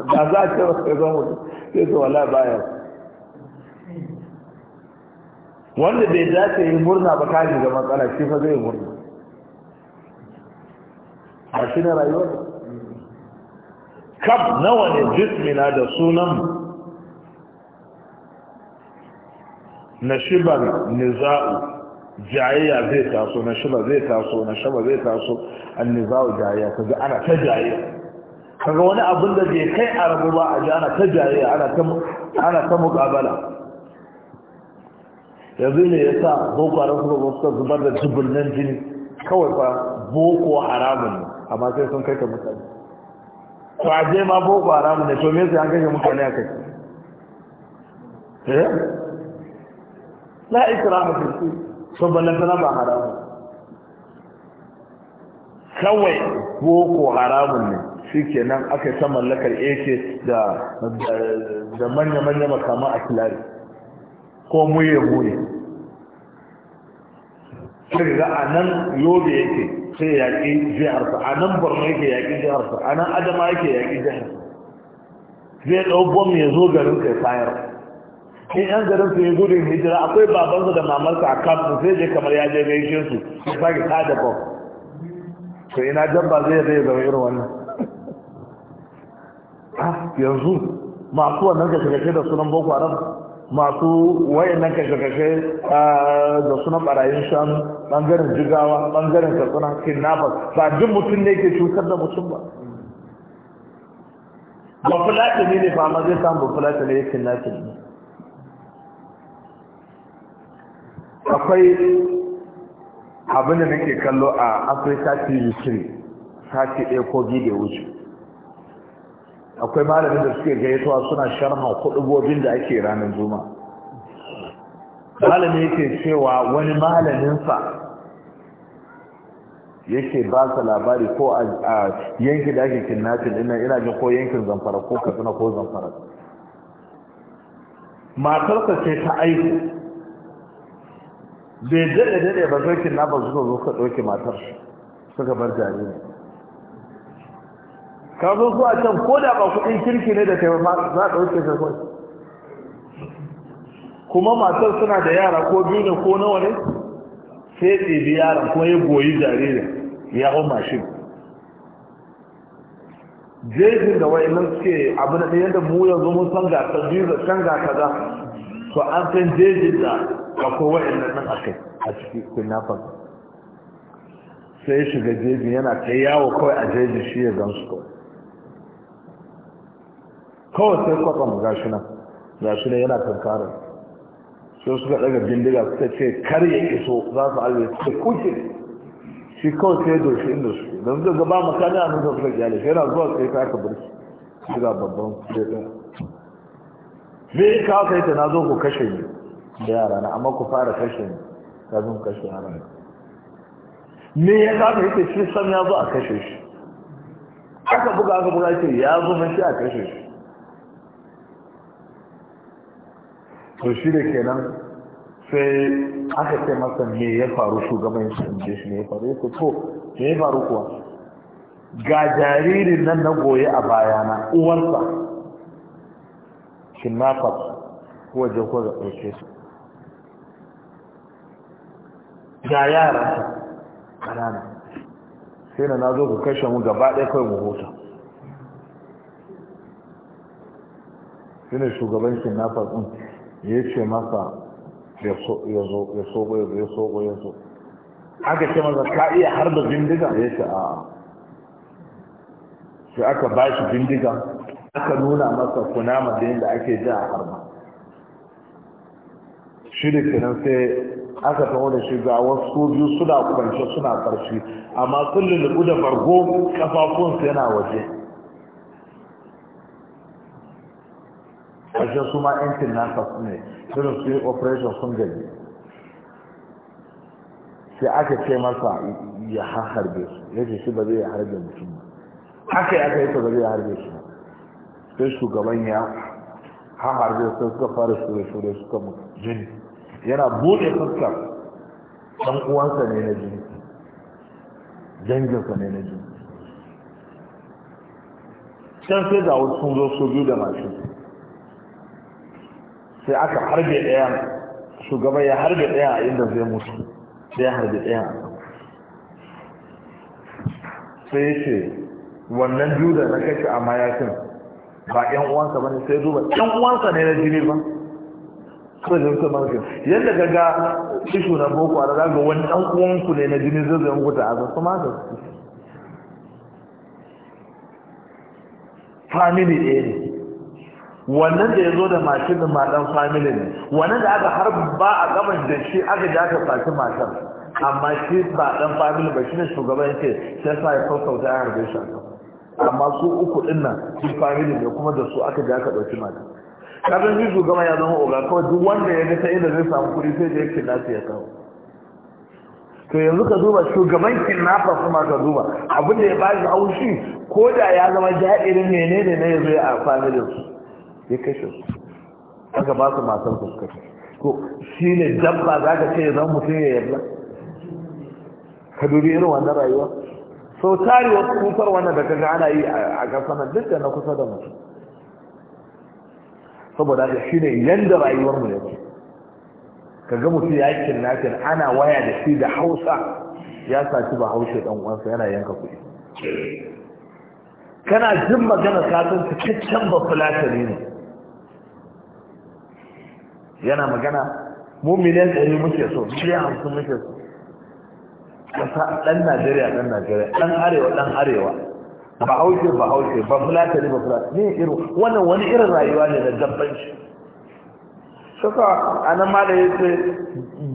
da za a ce ba ka zama sai su wala baya wanda bai dace yi murna ba ka shiga matsala shi fa zai murna a shi na rayuwar kaf nawa ne jismina da sunan na shibar niza'u jayayya zai taso na shiba zai taso na shaba zai taso annizawo jayayya kaga ana ta jayayya kaga wani abin da bai kai a rabu ba a ji ana ta jayayya ana ta muƙabala yanzu ne ya sa boko haram suka ba suka zubar da nan jini kawai fa boko haramun ne amma sai sun kai ka mutane to a je ma boko haramun ne to me sai an kashe mutane a kai eh la ikramu fi ba balantana ba haramun kawai boko haramun ne shi nan aka yi ta mallakar ake da manya-manya makama a kilari ko muye muye sai ga a nan yobe yake sai yaƙi jiharsa a nan borno yake yaƙi jiharsa a nan adama yake yaƙi jiharsa zai ɗau bom ya zo garin kai sayar in yan garin su yi gudun hijira akwai babansa da mamarsa a kafin sai je kamar ya je gaishe su ya sake da bom to ina ba zai zai zama irin wannan ah, yanzu masu wannan kashe-kashe da sunan boko haram masu nan kashe-kashe ah, da sunan barayin shanu bangaren jigawa bangaren katsuna kidnappers ba duk mutum ne ke cutar da mutum ba ba fulata ne ne ba ma zai samu fulata ne ya kidnappers ne akwai abin da nake kallo a afirka tv 3 sati ɗaya ko biyu da wuce akwai malamin da suke gaitowa suna sharhan kuɗubobin da ake ranar juma malamin yake cewa wani malaminsa yake ba sa labari ko a yankin da ake kinnatin ina ina jin ko yankin zamfara ko katsina ko zamfara matarsa ce ta aiki bai daɗe daɗe ba zokin na ba zuwa zuwa ka ɗauke matar suka bar jariri ka zo zuwa can ko da ba kuɗin kirki ne da kai ba za a ɗauke ka kawai kuma matar suna da yara ko biyu ne ko nawa ne sai ɗebi yara kuma ya goyi jaririn ya hau mashin jejin da nan suke abu na ɗaya da mu yanzu mun san gasa biyu da can gasa to an san jejin da akwai inda nan akai a ciki kidnappers sai shiga jejin yana ta yawo kawai a jejin shi ya gamsu kawai kawai sai kwakwam gashi nan shi ne yana tankarar sai suka daga bindiga suka ce kar ya iso za su alwe su kuke shi kawai sai doshi inda su don zai gaba makani a nuna suka gyale shi yana zuwa sai ka aka burki ga babban kudin me ka kai ta nazo ku kashe ni da yara na amma ku fara kashe ni ka zo kashe yara na me ya ka kai ta shi san ya zo a kashe shi aka buga aka buga ce ya zo mun shi a kashe shi to shi da kenan sai aka ce masa me ya faru shugaban shi inje shi ne ya faru ya ce to me ya faru kuwa ga jaririn nan na goye a bayana uwarsa kidnappers ko waje ko da ɗauke su ga yara ƙanana sai na zo ku kashe mu gaba ɗaya kawai mu huta shi ne shugaban kidnappers ɗin ya ce masa ya zo ya sogo ya zo ya ya zo aka ce masa ka iya da bindiga ya ce a'a sai aka ba shi bindiga aka nuna masa kunama da yadda ake ji a harba shi da kenan sai aka tawo da shi ga wasu biyu suna kwance suna ƙarfi amma sun da da bargo kafafunsa yana waje ƙarshen su ma yankin nasa su ne irin su yi operation sun gani sai aka ce masa ya harbe su yake shi ba zai harbe mutum ba aka yi aka yi ta ba zai harbe su sai shugaban ya har da sai suka fara shure-shure suka mutu jini yana buɗe fuskar ɗan uwansa ne na jini danginsa ne na jini can sai ga wasu sun zo su biyu da mashin sai aka harbe ɗaya shugaban ya harbe ɗaya a inda zai mutu sai ya harbe ɗaya a kan sai ya ce wannan biyu da na kashi a mayakin ba ƴan uwansa bane sai duba 'yan uwansa ne na jini ba kuma da kuma mulkin yadda ka ga ishu na boko a ga wani ɗan uwanku ne na jini zai zai guta a ga kuma da su family ɗaya ne wannan da ya zo da mashin da matan family ne wannan da aka har ba a gaban da shi aka ji aka faci matan amma shi ba dan family ba shi ne shugaban ce sai sa ya sassauta ya harbe shi a kan amma su uku din nan su family ne kuma da su aka ga aka dauki mata kafin yi shugaba ya zama oga kawai duk wanda ya ga ta inda zai samu kuɗi sai da yake lafiya ya kawo to yanzu ka duba shugaban kidnapper kuma ka duba abin da ya ba shi haushi ko da ya zama jaɗirin menene ne ya zo a familin su ya kashe su aka ba su matar fuskar to shi ne dabba za ka ce ya zama mutum ya yarda ka dubi irin wannan rayuwa sau tari wasu kusur wannan da kaga ana yi a kasanar duk da na kusa da mutu saboda da shi ne yadda rayuwarmu ya zama kaga mutu ya yi kinnafin ana waya da shi da hausa ya saci ba haushe ɗan uwansa yana yanka kuɗi kana jin magana kasan cikakken ba fulatari ne yana magana mu miliyan ɗari muke so miliyan hamsin muke so ƙasa ɗan najeriya ɗan najeriya ɗan arewa ɗan arewa ba hauke ba hauke ba ne ba fulata ne irin wannan wani irin rayuwa ne na dabbanci suka anan ma da ya ce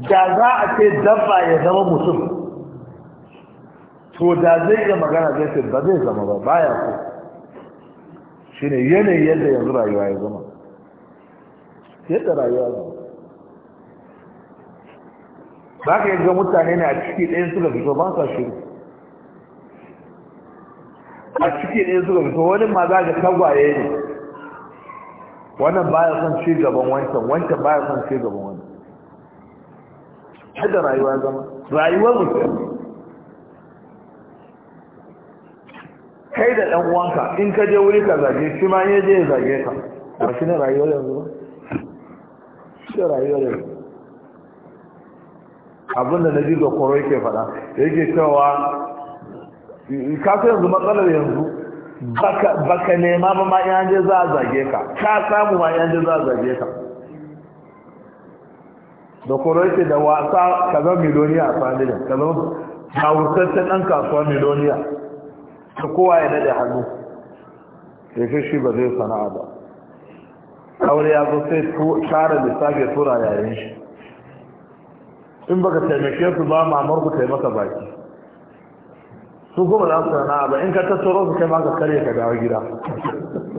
da za a ce dabba ya zama mutum to da zai iya magana zai ce ba zai zama ba baya ko shine yanayin yadda yanzu rayuwa ya zama yadda rayuwa ya zama ba ka yadda mutane ne a ciki ɗaya suka fito ba sa shiru a ciki ɗaya suka fito wani ma za ka tagwaye ne wannan ba ya son ci gaban wancan wancan ba ya son ci gaban wani hada rayuwa zama rayuwar mutum kai da ɗan uwanka in ka je wuri ka zage shi ma ya je ya zage ka ba shi ne rayuwar yanzu ba shi ne rayuwar yanzu abinda na ji ga koro yake faɗa da yake cewa kafin yanzu matsalar yanzu baka nema ba ma yan je za a zage ka ka samu ma yan je za a zage ka da koro yake da wasa ka zama miloniya a familin ka zama hausaccen ɗan kasuwa miloniya ta kowa ya daɗe hannu ya fi shi ba zai sana'a ba aure ya zo sai tara lissafi tura yayin shi in baka taimake su ba mamar ku kai maka baki su kuma za su sana'a ba in ka tattaro su kai ma ka karye ka dawo gida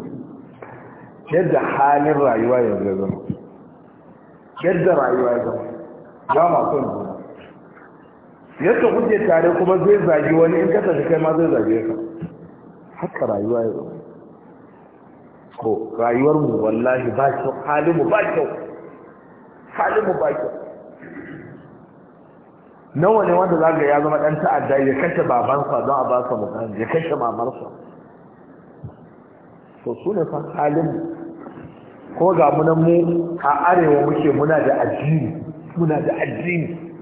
yadda halin rayuwa ya zama yadda rayuwa ya zama ba ma son juna yadda kuke tare kuma zai zagi wani in ka tafi kai ma zai zage ka haka rayuwa ya zama ko rayuwar mu wallahi ba kyau halin mu ba kyau halin mu ba kyau nawa ne wanda za ga ya zama ɗan ta'adda ya kashe babansa don a ba sa mukami ya kashe mamarsa to su ne fa halin ko ga munan mu a arewa muke muna da addini muna da addini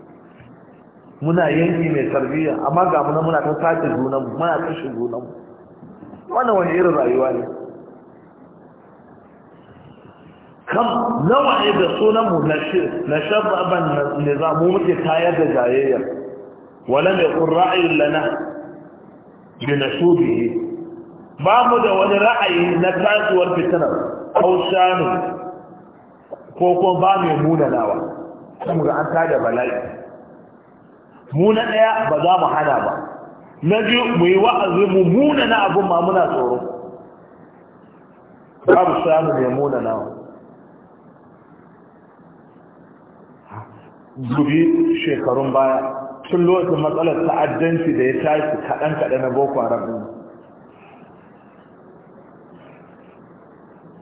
muna yanki mai tarbiyya amma ga munan muna ta sace junan muna kashe junan wannan wani irin rayuwa ne kam nawa ne da sunanmu na shabban nizamu muke tayar da jayayya wala mai kun ra'ayin lana bi na ba mu da wani ra'ayi na tasuwar fitinar ko shanu ko kuma ba mai munanawa kuma ga an tada bala'i mu na ɗaya ba za mu hana ba na biyu mu yi wa'azi mu munana abin ma muna tsoro babu shanu mai munanawa dubi shekarun baya tun lokacin matsalar ta'addanci da ya tashi kaɗan-kaɗan na boko haram ɗin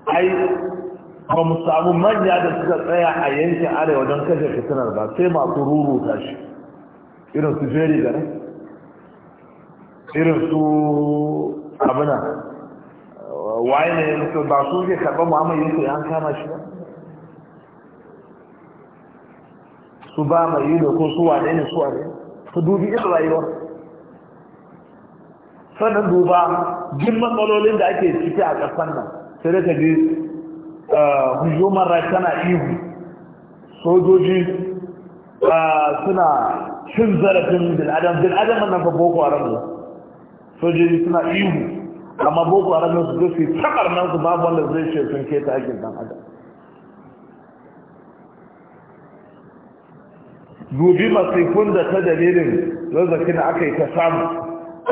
ai ba mu samu manya da suka tsaya a yankin arewa don kashe fitinar ba sai masu ruruta shi irin su jeri ne irin su abuna waye ne ba su ke karɓar muhammadu yankin ya kama shi ba su ba mai yi da kun su wane ne su wane su dubi irin rayuwar sannan duba jin matsalolin da ake ciki a ƙasar nan sai da ta ji eh, hujjomar rai tana ihu sojoji eh, suna cin zarafin bil'adam bil'adam nan ka boko haram ne sojoji suna ihu amma boko haram ne su zo su yi nan su babu wanda zai ce sun keta aikin dan adam dubi masifun da ta dalilin zazzaki da aka yi ta samu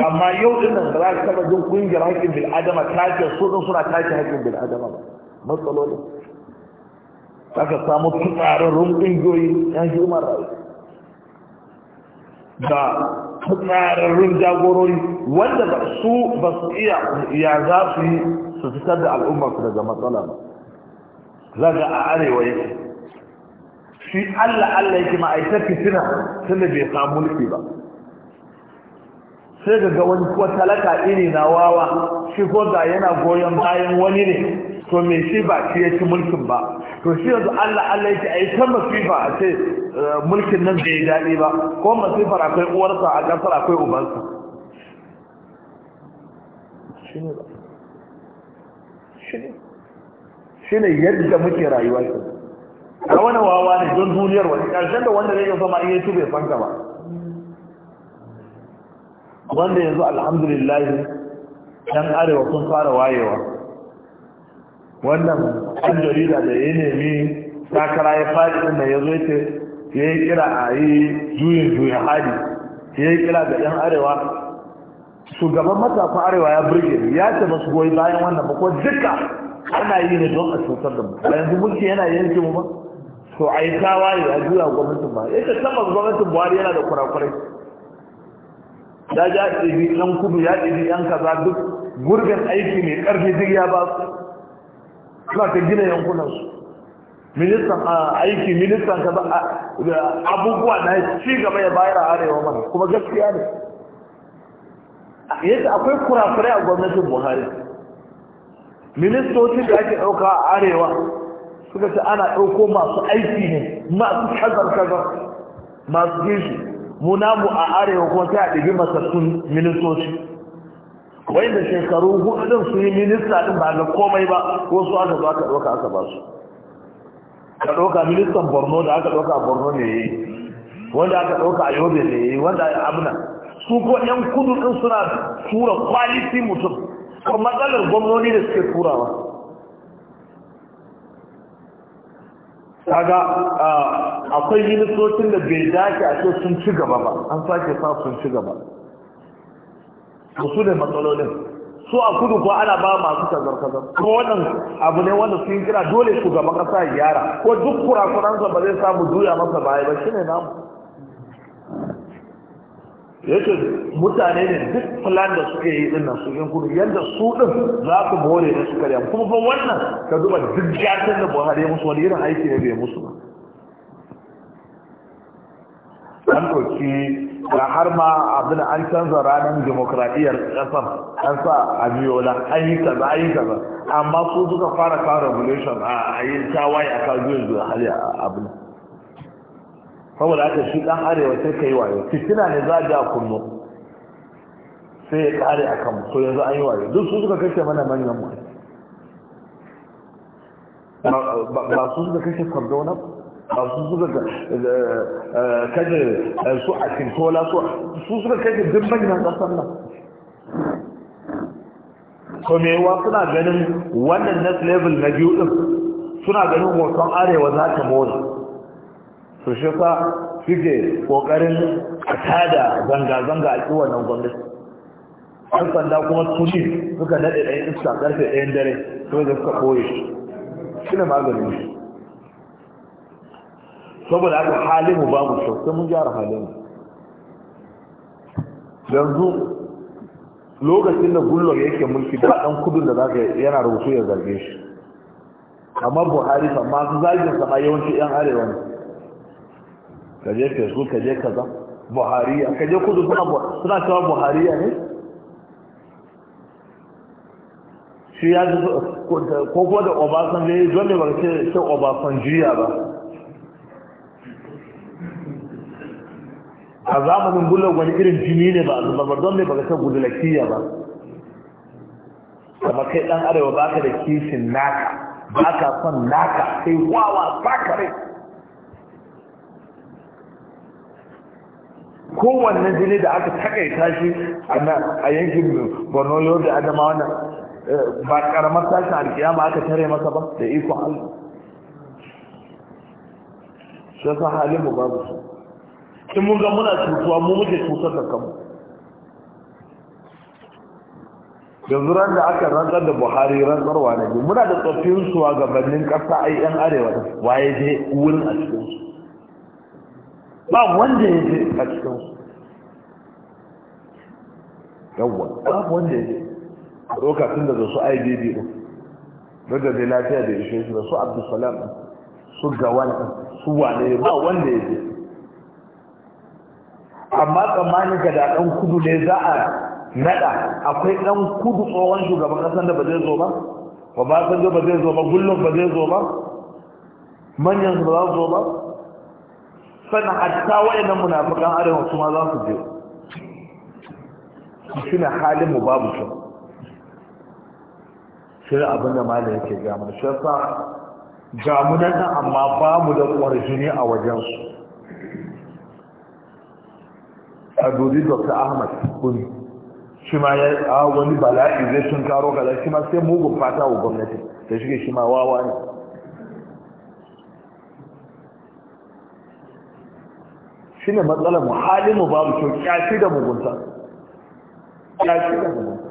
amma yau din nan ba za ka taɓa jin ƙungiyar haƙƙin bil'adama ta ce su ɗin suna tashi haƙƙin bil'adama ba matsalolin za ka samu tsararrun ƙungiyoyi yan human rights da tsararrun jagorori wanda ba su ba su iya ya za su yi su fitar da al'ummarsu daga matsala ba za ga a arewa yake shi Allah Allah yake ma'aikatar fitina tunda bai samu mulki ba sai ga wani ko talaka iri na wawa shi ko ga yana goyon bayan wani ne to me shi ba shi ya ci mulkin ba to shi yanzu Allah Allah yake ai ta masifa a ce eh, mulkin nan bai daɗi ba ko masifar akwai uwarsa a ƙasar akwai ubansa shi ne ba shi shi ne yadda muke rayuwa a wani wawa ne don duniyar wani ƙarshen da wanda zai zama iya tube fanka ba wanda yanzu alhamdulillahi ɗan arewa sun fara wayewa wannan an jarida da ya nemi takara ya faɗi ɗin da ya zo ce ya yi kira a yi juyin juyin hali ya yi kira ga 'yan arewa shugaban matasan arewa ya burge ya ce ba su goyi bayan wannan ba ko duka ana yi ne don a cutar da mu yanzu mulki yana yanke mu ba to a yi kawa ne a juya gwamnatin ba ya ce tabbas gwamnatin buhari yana da kurakurai ya ji a ɗabi ɗan kudu ya ɗabi ɗan kaza duk gurgan aiki mai ƙarfi duk ya ba su suna ta gina yankunansu ministan aiki ministan kaza abubuwa na ci gaba ya bayar a arewa mana kuma gaskiya ne yadda akwai kurakurai a gwamnatin buhari ministoci da ake ɗauka a arewa suka ce ana ɗauko masu aiki ne masu kazar-kazar masu gishi mu a arewa kuma ta a ɗigi masattun ministoci wai da shekaru hudun su yi minista ɗin ba ga komai ba ko su aka zuwa ka ɗauka aka ba su ka ɗauka ministan borno da aka ɗauka borno ne yi wanda aka ɗauka a yobe ne yi wanda Amina. su ko yan kudu ɗin suna tura kwaliti mutum ko matsalar gwamnoni da suke turawa kaga akwai ministocin da bai dace a ce sun ci gaba ba an sake sa sun ci gaba su ne matsalolin su a kudu ko ana ba masu kazar-kazar ko wannan abu ne wanda sun kira dole shugaban kasa ya gyara ko duk kurakuransa ba zai samu juya masa baya ba ne namu yake mutane ne duk plan da suka yi din nan su yin kudu yadda su din za ku more da su karya kuma fa wannan ka zuba duk gasar da buhari ya musu wani irin aiki ne bai musu ba an ɗauki ga har ma abin an canza ranar demokradiyyar ƙasar an sa a biyo an yi kaza an yi kaza amma su suka fara fara revolution a yi tawaye a kan zuwa hali abin saboda aka shi dan arewa sai kai wayo fitina ne za ga kunno sai ya kare a kanmu to yanzu an yi wayo duk su suka kace mana manyan mu ba su suka kace kashe na ba su suka kace su a cikin kola su su suka kace duk manyan kasar nan me wa suna ganin wannan next level na biyu din suna ganin hoton arewa za ta mora to shi fa suke kokarin tada zanga-zanga a wannan gwamnati an sanda kuma tuni suka nade ɗayan iska ƙarfe ɗayan dare to da suka ɓoye shi ne maganin shi saboda haka hali mu ba mu so sai mun gyara halin mu yanzu lokacin da gullon yake mulki da ɗan kudin da zaka yana rubutu ya zarge shi amma buhari fa masu zagin sa ma yawanci yan arewa ne ka je facebook ka je kaza buhariya ka je kudu suna cewa buhariya ne shi ya ji ko kuwa da obasan ne eh, dole ba ce ce obasan jiya ba a zamanin gulag wani irin jini ne ba a zuba ba don ne ba ce gudulakiya ba kama kai dan arewa baka da kishin naka baka son naka sai wawa baka rai kowanne jini da aka takaita shi a yankin borno yau da adama wanda eh, ba karamar tashin alkiyama aka tare masa ba da iko allah shi yasa halin mu babu su in mun ga muna cutuwa mu muke cutar da kanmu yanzu ran da aka rantsar da buhari rantsarwa na biyu muna da tsoffin suwa gabanin ƙasa ai yan arewa waye je wurin a cikinsu ba wanda ya je a cikin su yawwa ba wanda ya je a lokacin da su ibb ɗin duk da zai lafiya da ishe su da su abdulsalam su gawan su wane ba wanda ya je amma tsammanin ga da ɗan kudu ne za a nada akwai dan kudu tsohon shugaban kasan da ba zai zo ba ba ba san ba zai zo ba gullum ba zai zo ba manyan su ba za su zo ba sannan hatta waɗannan munafikan arewa su ma za su je su shine halin mu babu su Shirya abin da malam yake jamun shi yasa ga mu nan amma ba mu da ƙwarjini a wajen su a dodi dr ahmad kuni shi ma ya wani bala'i zai sun karo kala shi ma sai mugun fata wa gwamnati da shi shi ma wawa ne shi ne matsalar mu mu babu kyau kyashi da mugunta kyashi da mugunta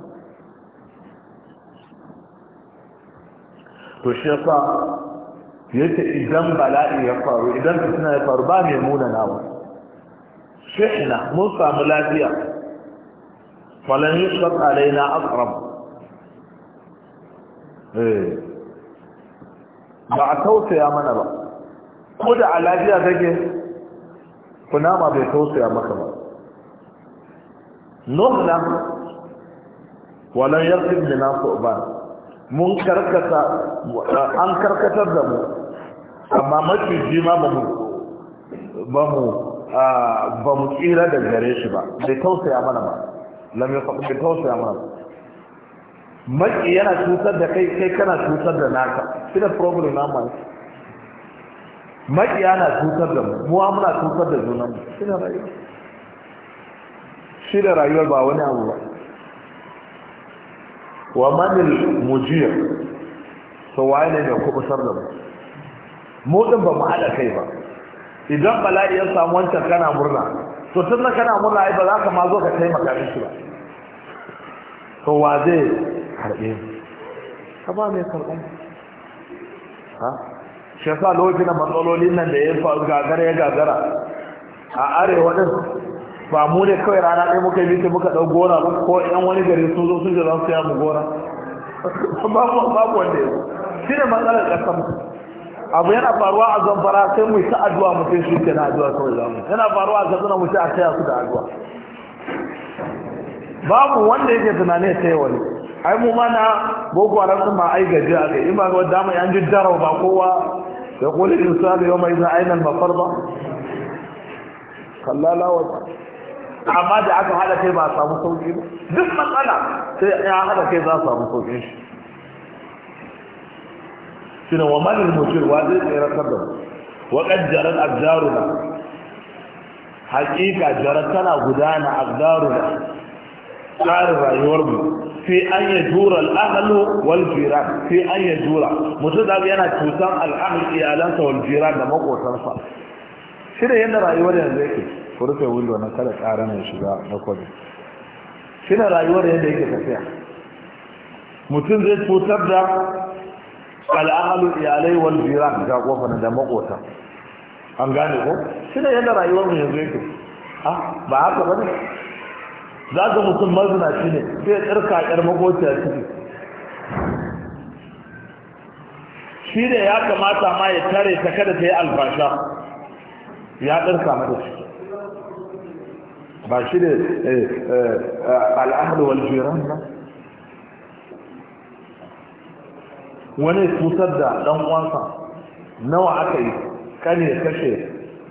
to shi yasa yace idan bala'i ya faru idan fitina ya faru ba mai muna nawa shihna mun samu lafiya falan yusbat alaina aqrab eh ba a tausaya mana ba ko da a lafiya take kunama bai tausaya maka ba nuhna walan yaqin lana su'ban mun karkata an karkatar da mu amma maciji ma ba mu ba mu ba mu tsira da gare shi ba bai tausaya mana ba lam yaqin tausaya mana maki yana cutar da kai kai kana cutar da naka shi da problem na mai maƙiya na cutar da mu muwa muna cutar da junan mu shi da rayuwa shi da rayuwar ba wani abu ba wa manil mujiyar to waye ne mai kubusar da mu mu ba mu kai ba idan bala'i ya samu wancan kana murna to tun na kana murna ai ba za ka ma zo ka taimaka shi ba to wa zai karɓe ka ba mai karɓe ha shi yasa lokacin matsalolin nan da ya faru gagara ya gagara a arewa din ba mu ne kawai rana ɗaya muka yi mita muka ɗau gora ba ko ɗan wani gari sun zo sun je su ya mu gora babu wanda ya shi ne matsalar ƙasar abu yana faruwa a zamfara sai mu ta addu'a mu sai shi ke na addu'a kawai za mu yana faruwa a katsina mu sai a taya su da addu'a babu wanda yake tunanin ya taya wani ai mu mana boko haram sun ma ai gaji a kai in ba ga dama an ji darau ba kowa ya kula insani yau mai za aina mafar ba kallala wata amma da aka hada kai ba a samu sauki ba duk matsala sai ya hada kai za a samu sauki shi shi na manil mushir wa zai tsere kan da wa qadjaran abdaruna haqiqa jaratana gudana abdaruna tsarin rayuwarmu fi an yi jura al'ahalu wal jiran fi an yi jura mutum da yana cutan al'ahal iyalansa wal da makotansa shi da yadda rayuwar yanzu yake ku rufe windo na kada tsara mai shiga na kwabi shi da rayuwar yadda yake tafiya mutum zai cutar da al'ahalu iyalai wal jiran ga kofar da makota an gane ko shi da yadda rayuwar mu yanzu yake ah, ba haka ba ne za ga mutum mazinaci ne sai tsirka yar magociya ciki shi ne ya kamata ma ya tare ta kada ta yi albasha, ya tsirka mata ciki ba shi ne eh, eh, al'ahar waljiran ba wani cutar da ɗan uwansa nawa aka yi kane kashe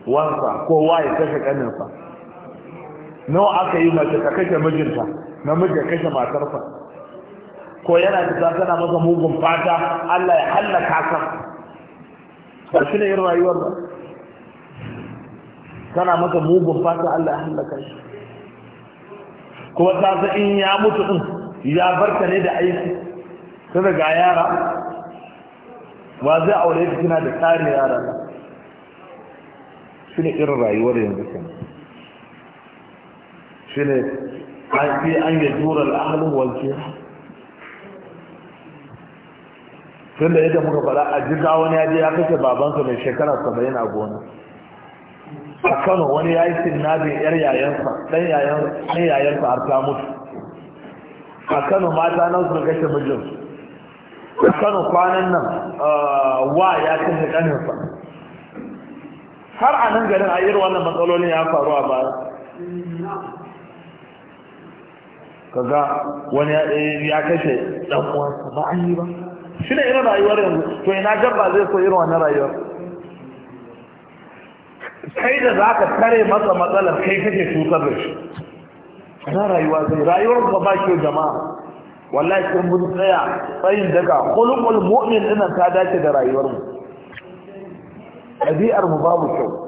wansa ko wa ya kashe kaninsa nawa aka yi mace ta kashe mijinta namiji ya kashe matarsa ko yana da tana masa mugun fata Allah ya hallaka ka ba shi ne yin rayuwar ba tana masa mugun fata Allah ya hallaka shi kuma ta san in ya mutu din ya barka ne da aiki ta daga yara ba zai aure ta kina da tsari yara shi ne irin rayuwar yanzu kenan shine sai an yi jura al'ahalin walke tun da yadda muka fara a jirga wani yaje ya kashe babansa mai shekara saba'in a gona a kano wani ya yi sinadin yar yayansa ɗan yayansa har ta mutu a kano mata nan sun kashe mijin? a kano kwanan nan uh, wa ya kashe ƙaninsa har a nan garin a irin wannan matsalolin ya faru a baya kaga wani eh, ya kashe dan uwansa ba an yi ba shi ne irin rayuwar yanzu to ina gaba zai so irin wannan rayuwar kai da za ka tare masa matsalar kai kake cutar da shi na rayuwa zai rayuwar ba ba ke jama'a wallahi sun mun tsaya tsayin daga kulkul mu'min dinan ta dace da rayuwar mu ɗabi'ar mu babu kyau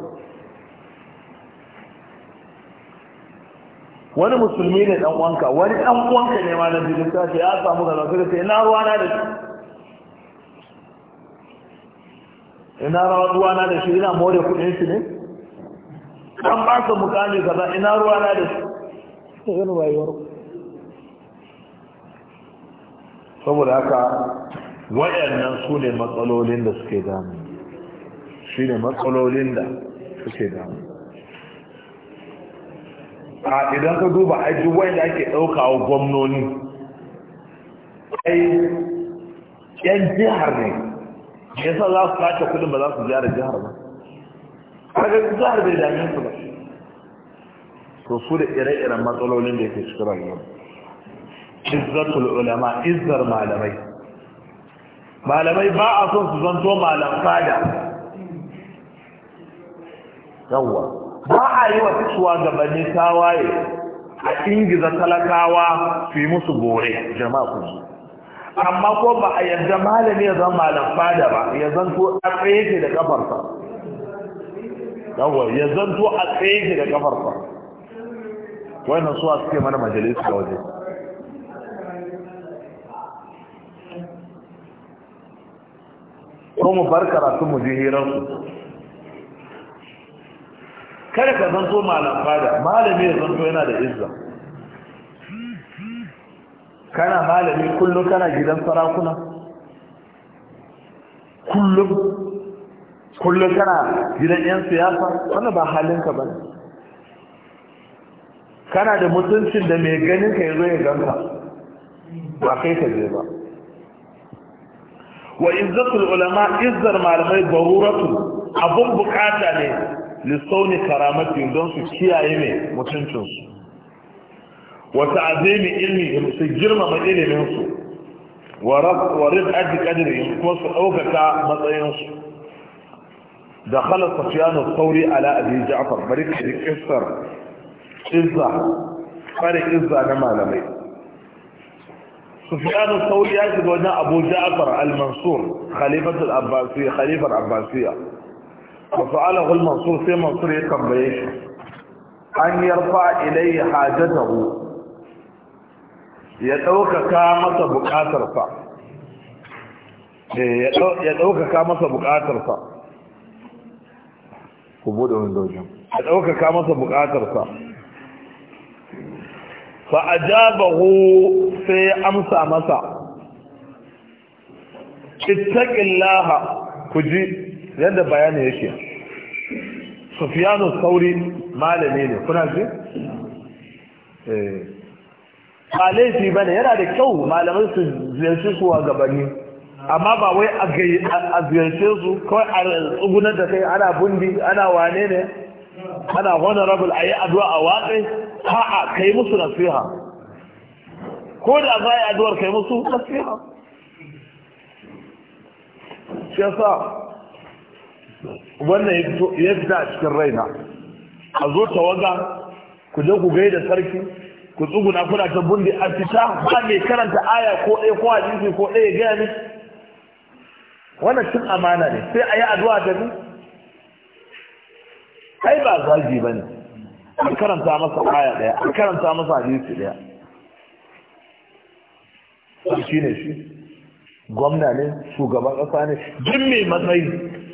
wani musulmi ne dan uwanka wani dan uwanka ne ma na jini ta ya samu kaza sai ce ina ruwa na da shi ina ruwa na da shi ina more kudin shi ne an ba ka mukami kaza ina ruwa na da shi ta yin rayuwar saboda haka waɗannan su ne matsalolin da suke damu shi ne matsalolin da suke damu a idan ka duba aji wanda ake ɗaukawa gwamnoni ai yan jihar ne ya sa za su kace kudin ba za su gyara jihar ba kaga jihar bai dami su ba to su da ire-iren matsalolin da yake cikin rayuwa izzatul ulama izzar malamai malamai ba a son su zanto malam fada yawwa ba a yi wa gabanin tawaye a ingiza talakawa fi musu gore jama'a ku amma ko ba a yadda malami ya zama malam fada ba ya zanto a tsaye shi da kafarsa yawa ya zanto a tsaye shi da kafarsa wannan suwa suke mana majalisa da waje ko mu bar karatu mu je hirarsu kada ka zo malam fada malami ya zanto yana da izza kana malami kullum kana gidan sarakuna kullum kullum kana gidan 'yan siyasa wannan ba halinka ba kana da mutuncin da mai ganin ka yazo ya ganka ba kai ka je ba wa izzatul ulama izzar malamai baruratu abun bukata ne lissauni karamatin don su kiyaye ne mutuncinsu wata azimi ilmi su girmama iliminsu wa rizqati kadiri kuma su ɗaukaka matsayinsu da khala sufyanu sauri ala abi ja'far bari ka ji kissar izza fare izza na malamai sufyanu sauri ya shiga wajen abu ja'far al-mansur khalifatul abbasiyya khalifar abbasiyya fa fa'alahu al-mansur sai mansur ya tambaye shi an yarfa ilayhi hajatahu ya ɗaukaka masa buƙatarsa eh, ya ɗaukaka masa buƙatarsa ku ya ɗaukaka masa buƙatarsa fa a jabahu sai ya amsa masa ittaƙin laha ku ji yadda bayani yake sufiyanu sauri malami ne kuna ji eh. ba laifi ba ne yana da kyau malamai su ziyarci su a gabani amma ba wai a ziyarce su kawai a tsugunar da kai ana bundi ana wane ne ana honorable a yi addu'a a watsai ha a kai musu nasiha ko da za a yi addu'ar kai musu nasiha shi yasa wannan ya fita a cikin raina a zo tawaga ku je ku gaida sarki ku tsuguna kuna ta bundi a fita ba mai karanta aya ko ɗaya ko hadisi ko ɗaya gaya ne wannan cin amana ne sai a yi addu'a ta ni ai ba zagi ba ne an karanta masa aya ɗaya an karanta masa hadisi ɗaya shi ne shi gwamna ne shugaban ƙasa ne duk mai matsayi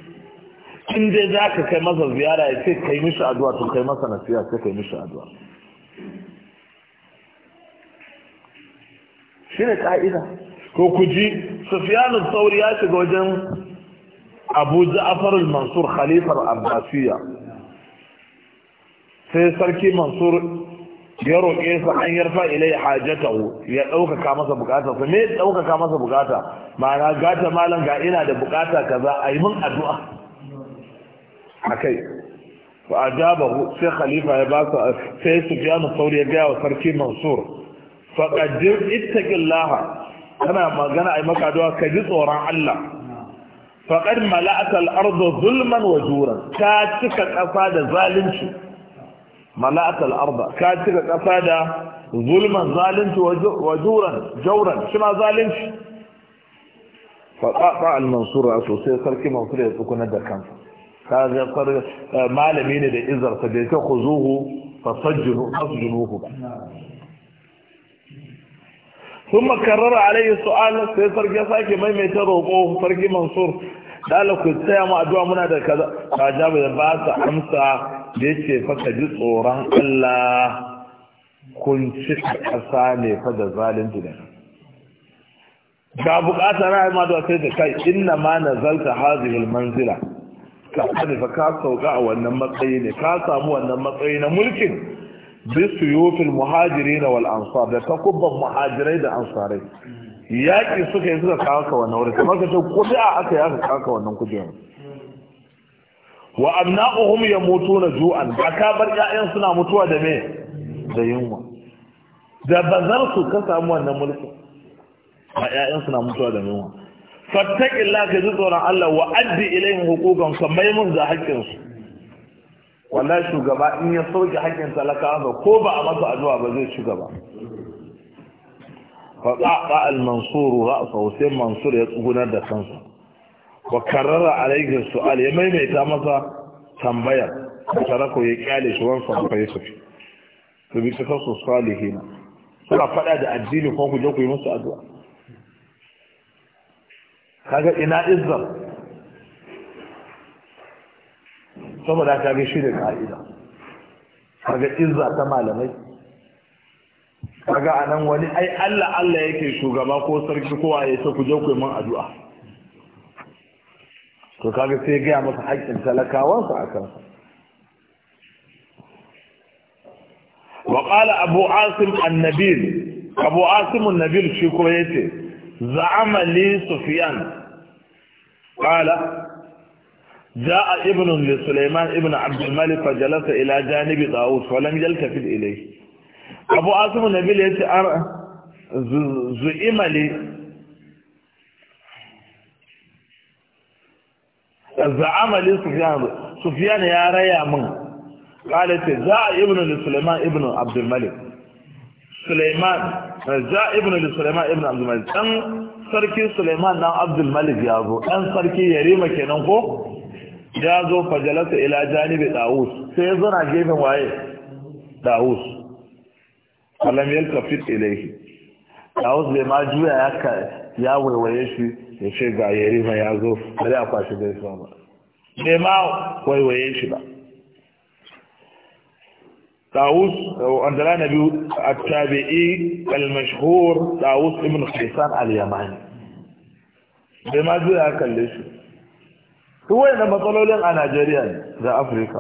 in dai za ka kai masa ziyara ya ce kai mishi addu'a to kai masa nasiya sai kai mishi addu'a shi ne ka'ida ko ku ji sufiyanu sauri ya shiga wajen abu ja'afar mansur khalifar abbasiya sai sarki mansur ya roƙe sa an yarfa ilai hajatahu ya ɗaukaka masa bukata su, me ɗaukaka masa bukata ma'ana gata malam ga ina da bukata kaza a yi min addu'a a kai fa ajabahu sai khalifa ya ba su sai sufyan sauri ya gaya wa sarki mansur faqadir ittaqillaha kana magana ai maka addu'a ka ji tsoron Allah faqad mala'ata al zulman wa juran ka cika kasa da zalunci mala'ata al ka cika kasa da zulman zalunci wa juran jawran shi ma zalunci faqata al-mansur sosai sarki mansur ya tsukuna da kansa kaga eh, malami ne da izarsa da ta khuzuhu fasajjinu fasjunuhu ثم كرر عليه السؤال sai sarki ya sake maimaita roƙo sarki mansur dala ku tsaya mu addu'a muna da kaza ka da ba ta amsa da yake fa ji tsoron Allah kun ci kasa ne fa da zalunci ne ga bukata na ma da sai da kai inna ma nazalta hazihi almanzila ka hadifa ka sauka a wannan matsayi ne ka samu wannan matsayi na mulkin bisu Yofin muhajiri na wal'ansar da ta kubban muhajirai da ansarai yaƙi suka yi suka kawo ka wannan wuri kamar ka ce kudi a aka wannan kudi kawo ka wannan uhum wa mutu na ju'an ba ka bar ƴaƴan suna mutuwa da me da yunwa da bazar su ka samu wannan mulkin ba ƴaƴan suna mutuwa da yunwa fattaƙilla ka ji tsoron Allah wa addi ilayin hukukan ka mai mun da haƙƙinsu Wannan shugaba in ya sauke haƙƙin talakawa ba ko ba a masa addu'a ba zai shugaba faɗaɓa al-mansuru ra'asa sai mansur ya tsugunar da kansa wa karrara alaihi su'al ya maimaita masa tambayar tarako ya kyale shi wansa fa yusufi to bi su kasu salihina suna faɗa da addini ko ku je ku yi musu addu'a kaga ina izzar saboda kaga shi da ka'ida kaga izza ta malamai kaga anan wani ai Allah Allah yake shugaba ko sarki kowa ya ce ku je ku yi man addu'a to kaga sai gaya masa haƙƙin talakawansa a kansa wa qala abu asim an-nabil abu asim an-nabil shi ko yace za'ama li sufyan qala ibnu li sulaiman ibnu abd al-malik fajalasa ila janibi dawud fa lam abu asim nabil yace ar zu'imali za'ama ya raya min qala ta za'a ibnu li sulaiman ibnu Suleiman Raja, ibn Suleiman ibn Abdul Malik dan sarki Suleiman dan Abdul ya zo dan sarki Yarima kenan ko ya zo fajalasa ila janibi Dawus sai ya zana gefen waye Dawus falam yaltafit ilayhi Dawus bai ma juya ya ya waiwaye shi ya ce ga Yarima ya zo bari a kwashi gaisuwa ba bai ma waiwaye shi ba طاووس وعندنا نبي التابعي المشهور طاووس ابن حسان اليماني بما زي هكا ليش هو yana matsalolin a Najeriya da Afirka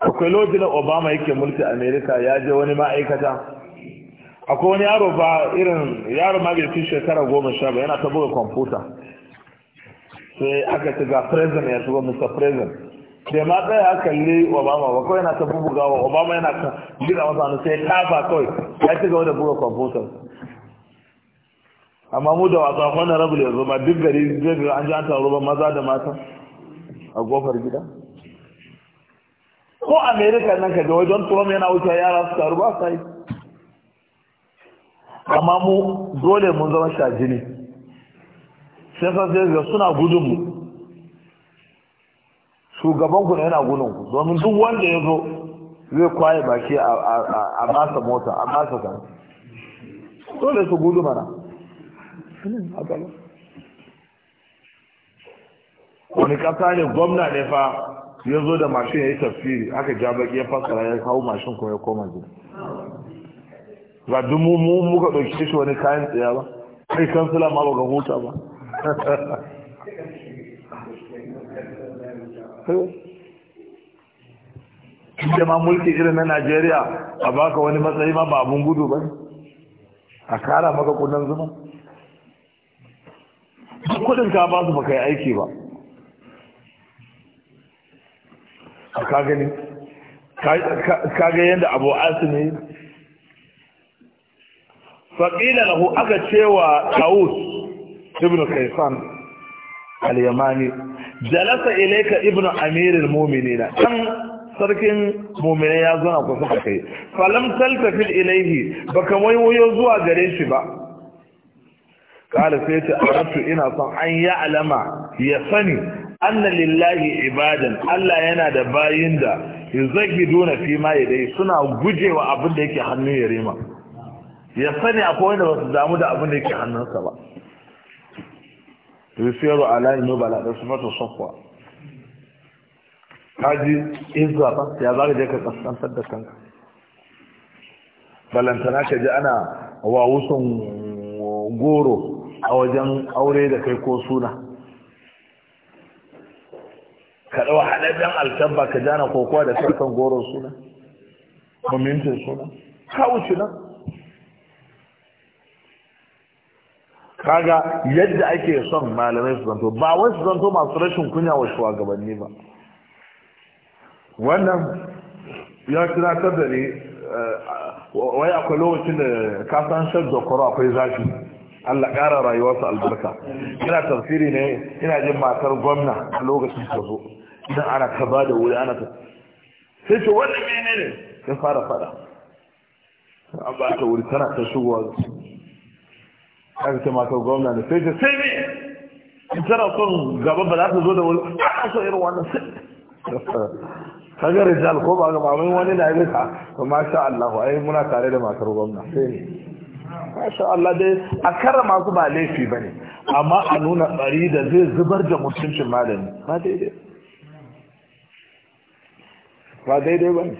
akwai lokacin Obama yake mulki America ya je wani ma'aikata akwai wani yaro ba irin yaro ma bai shekara goma sha ba yana ta buga kwamfuta sai aka ce ga president ya shiga Mr. President bai ma a kalli obama ba kawai yana ta bubugawa obama yana ta gina wasu hannu sai tafa kawai ya ci gaba da buga kwamfutar amma mu da wasa wani rabu yanzu ma duk gari zai biyu an ji an taro ba maza da mata a gofar gida ko Amerika nan ka ga wajen trump yana wuce yara su taru ba sa yi amma mu dole mun zama shajini sai sai ga suna gudunmu shugabanku na yana ku, domin duk wanda ya zo zai kwaye baki a masa mota a masa kan dole su gudu mana wani ƙasa ne gwamna ne fa ya zo da mashin ya yi tafsiri aka ja baki ya fasara ya hau mashin kuma ya koma gida ba duk mu muka ɗauki shi wani kayan tsaya ba kai kansila ma ba ga huta ba akwai wani ma mulki irin na najeriya a baka wani matsayi ma ba abun gudu ba a kara maka kudin zuma duk kudin ka ba su baka yi aiki ba a ka gani ka ga yadda abu asu ne. faƙila lahu aka cewa taus ibn kaifan al-yamani jalasa ilayka ibnu al-mu'minin dan sarkin mu'mina ya zo na kusa kai falam taltafil ilayhi baka waiwayo zuwa gare shi ba kala sai ta aratu ina son an ya alama ya sani anna lillahi ibadan Allah yana da bayin da yuzahiduna fi ma yadai suna gujewa abin da yake hannun yarima ya sani akwai wanda ba su damu da abin da yake hannunsa ba yusiru ala Bala da sifatu safwa kaji zuwa ba ya ka je ka kaskantar da kanka balantana ka ji ana wa wusun goro a wajen aure da kai ko suna ka ɗau haɗaɗɗen alkabba ka jana kokowa da karkan goro suna mamintin suna ka wuce nan kaga yadda ake son malamai su zanto ba wai su zanto masu rashin kunya wa shugabanni ba wannan ya tunatar da ni eh, wai akwai lokacin da kasan shan zakoro akwai zafi Allah ƙara rayuwarsa albarka ina tafsiri ne ina jin matar gwamna a lokacin ta zo idan ana ta ba da wuri ana ta sai ce wannan menene ya fara fada an ba ta wuri tana ta shigowa aka ce matar gwamna da sai ta sai ne in tara son gaba ba za ta zo da wani ana ah, so irin wannan sai kaga rijal ko ba ga mamin wani na yi ka to masha Allah ai muna tare da matar gwamna sai ne masha Allah dai a karama masu ba laifi ba ne amma a nuna tsari da zai zubar da mutuncin malami ba daidai ba daidai ba ne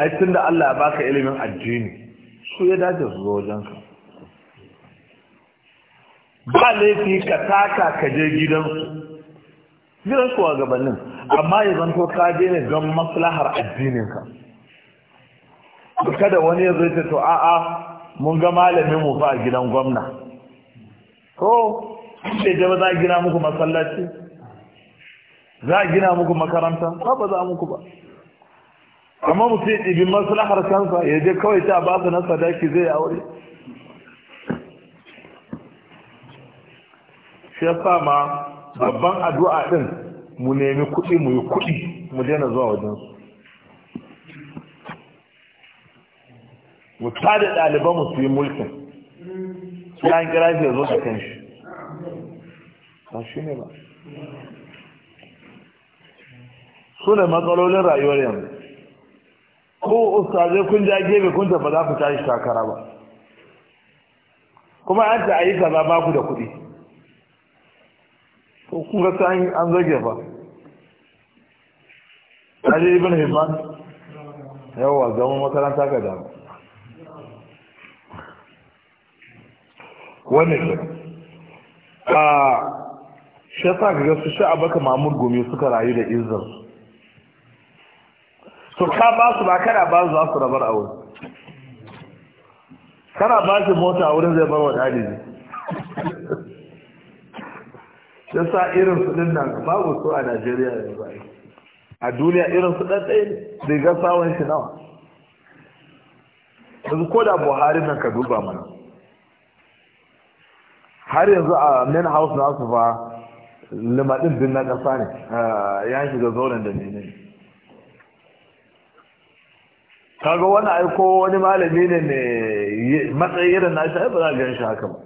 ai tun da Allah ya baka ilimin addini su ya dace su zo wajenka ba laifi ka taka ka je gidansu gidansu wa gabanin amma ya zanto ka je ne don maslahar addininka kada wani ya zai to a'a mun ga malamin mu fa a gidan gwamna ko da ba za gina muku masallaci za gina muku makaranta ba ba za muku ba amma mutum ibi maslahar kansa ya je kawai ta ba su na sadaki zai aure shi ya ma babban addu'a din mu nemi kuɗi mu yi kuɗi mu daina zuwa wajen su. mu tada ɗaliban mu su yi mulkin sai an kira shi ya zo da shi ba shi ne ba su ne matsalolin rayuwar yanzu ko ustazai kun ja gebe kun tafi za ku tashi takara ba kuma an ta ayi kaza ba ku da kuɗi ko kun ga sai an zage ba Ali ibn Hibban yawa zaman makaranta ga da wani ne a ah, shi ta ga su abaka mamur gumi suka rayu da izzar so ka ba su ba kana ba su za su rabar a wurin kana ba su mota a wurin zai bar wa ɗalibi ya sa irin su din nan babu su a najeriya ba a duniya irin su ɗan ɗaya rigar sawon shi nawa yanzu ko da buhari nan ka duba mana har yanzu a main house nasu ba limadin din na ƙasa ne ah, ya shiga zauren da ne ne kaga wani aiko wani malami ne ne matsayi irin na shi ba za shi haka ba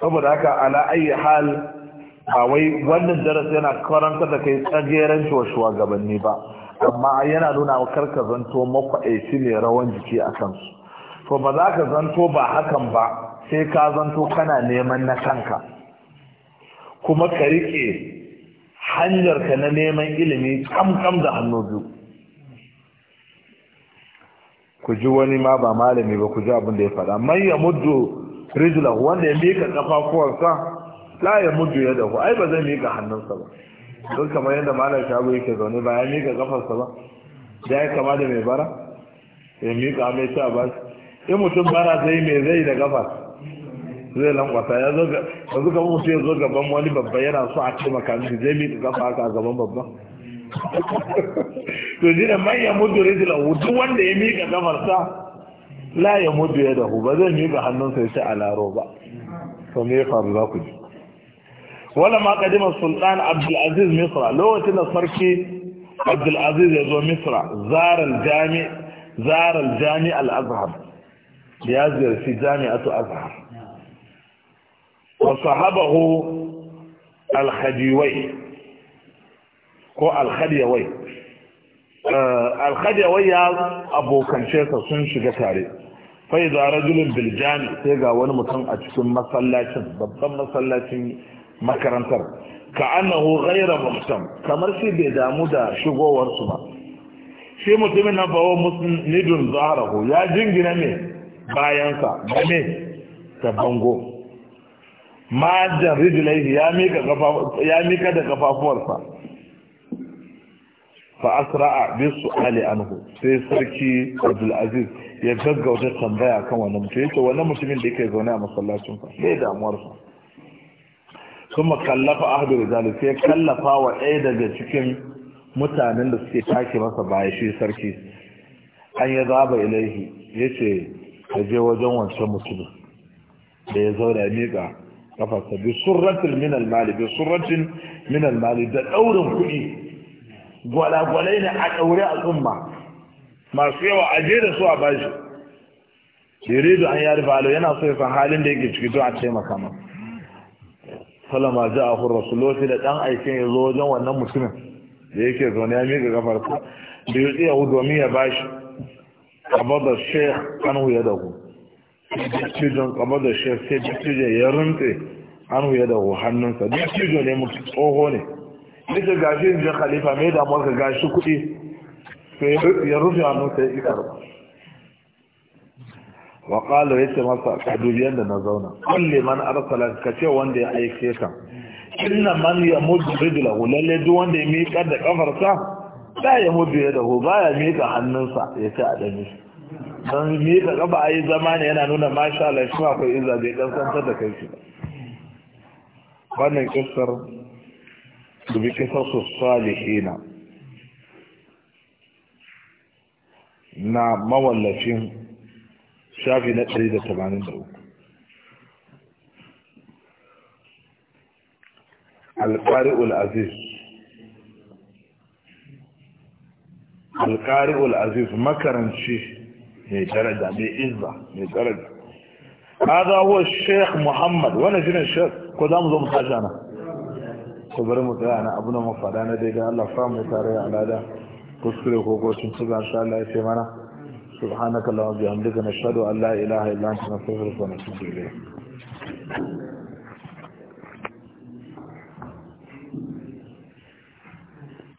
saboda haka ala ayi hal ba wai wannan darasi yana karanta da kai tsageren shugabanni ba amma yana nuna wa ka zanto makwaɗaici ne rawan jiki a kansu to ba za ka zanto ba hakan ba sai ka zanto kana neman na kanka kuma ka riƙe hanyarka na neman ilimi kam kam da hannu biyu ku ji wani ma ba malami ba ku ji abin da ya faɗa man ya muddu rijlahu wanda ya mika kafafuwarsa la ya muddu ya dahu ai ba zai mika hannunsa ba don kamar yadda malam shago yake zaune ba ya mika kafarsa ba da ya kama da mai bara ya mika mai ta ba in mutum bara zai mai zai da kafar zai lankwasa ya zo ga yanzu kamar mutum ya zo gaban wani babba yana so a taimaka mishi zai miƙa kafa haka a gaban babba to ji da manyan mudu rijila duk wanda ya miƙa gamarsa la ya mudu ya dahu ba zai miƙa hannunsa ya ce a laro ba to me ya faru za ku ji wala ma kadima sultan abdulaziz misra lokacin da sarki abdulaziz ya zo misra zarar jami zarar jami al ya ziyarci jami'atu azhar wa sahabahu al-khadiwai ko alhadiyawai eh, alhadiyawai ya abokance sa sun shiga tare fai da rajulun biljani sai ga wani mutum a cikin masallacin babban masallacin makarantar ka annahu ghaira muhtam kamar shi bai damu da shigowarsu ba shi mutumin nan bawo musnidun zaharahu ya jingina ne bayansa da ne da bango jan rijilai ya mika da kafafuwarsa فأسرع Ali Anhu sai sarki Abdulaziz ya gaggauta tambaya kan wannan mutum yace wannan mutumin da yake zaune a masallacin fa sai damuwar sa kuma kallafa ahdu rijal sai kallafa wa ɗaya daga cikin mutanen da suke take masa baya shi sarki an ya zaba ilaihi yace ka je wajen wancan mutumin da ya zauna miƙa kafarsa bi surratin min al bi surratin min mali da ɗaurin kuɗi gwalagwalai ne a ɗaure a tsumma masu yawa a je da su a bashi yuridu an yari falo yana so ya san halin da yake ciki don a taimaka masa salama ja a hurra su lokaci da ɗan aikin ya zo wajen wannan musulmin. da yake zaune ya miƙa kafarsa da ya tsaya hu domin ya bashi kabar da shekh an ya hu dattijon kabar da shekh sai dattijon ya runtse an da hu hannunsa dattijo ne mutu tsoho ne nake gashi in je khalifa mai damuwar ka gashi kuɗi ya rufe hannu sai ikar karba wa ya ce masa ka dubi da na zauna Kulli man arsala ka ce wanda ya aike ka inna man ya mudu hu lalle duk wanda ya miƙa da ƙafarsa. da ya mudu ya dahu baya miƙa hannunsa ya ce a dani don miƙa kafa a yi zama ne yana nuna masha Allah shi akwai iza bai santar da kai shi wannan kissar بقصص الصالحين نا نعم، ما ولا شيء شافي نتري ده تمانين دو القارئ العزيز القارئ العزيز ما كان شيء هي بإذن هي هذا هو الشيخ محمد وانا جينا الشيخ قدام زوم خجانه to bari mu tsaya na abu na mafaɗa na daidai Allah samu tare a lada kuskure ko gocin ga insha Allah ya ce mana subhanaka allahumma bihamdika nashhadu an la ilaha illa anta nastaghfiruka wa natubu ilayk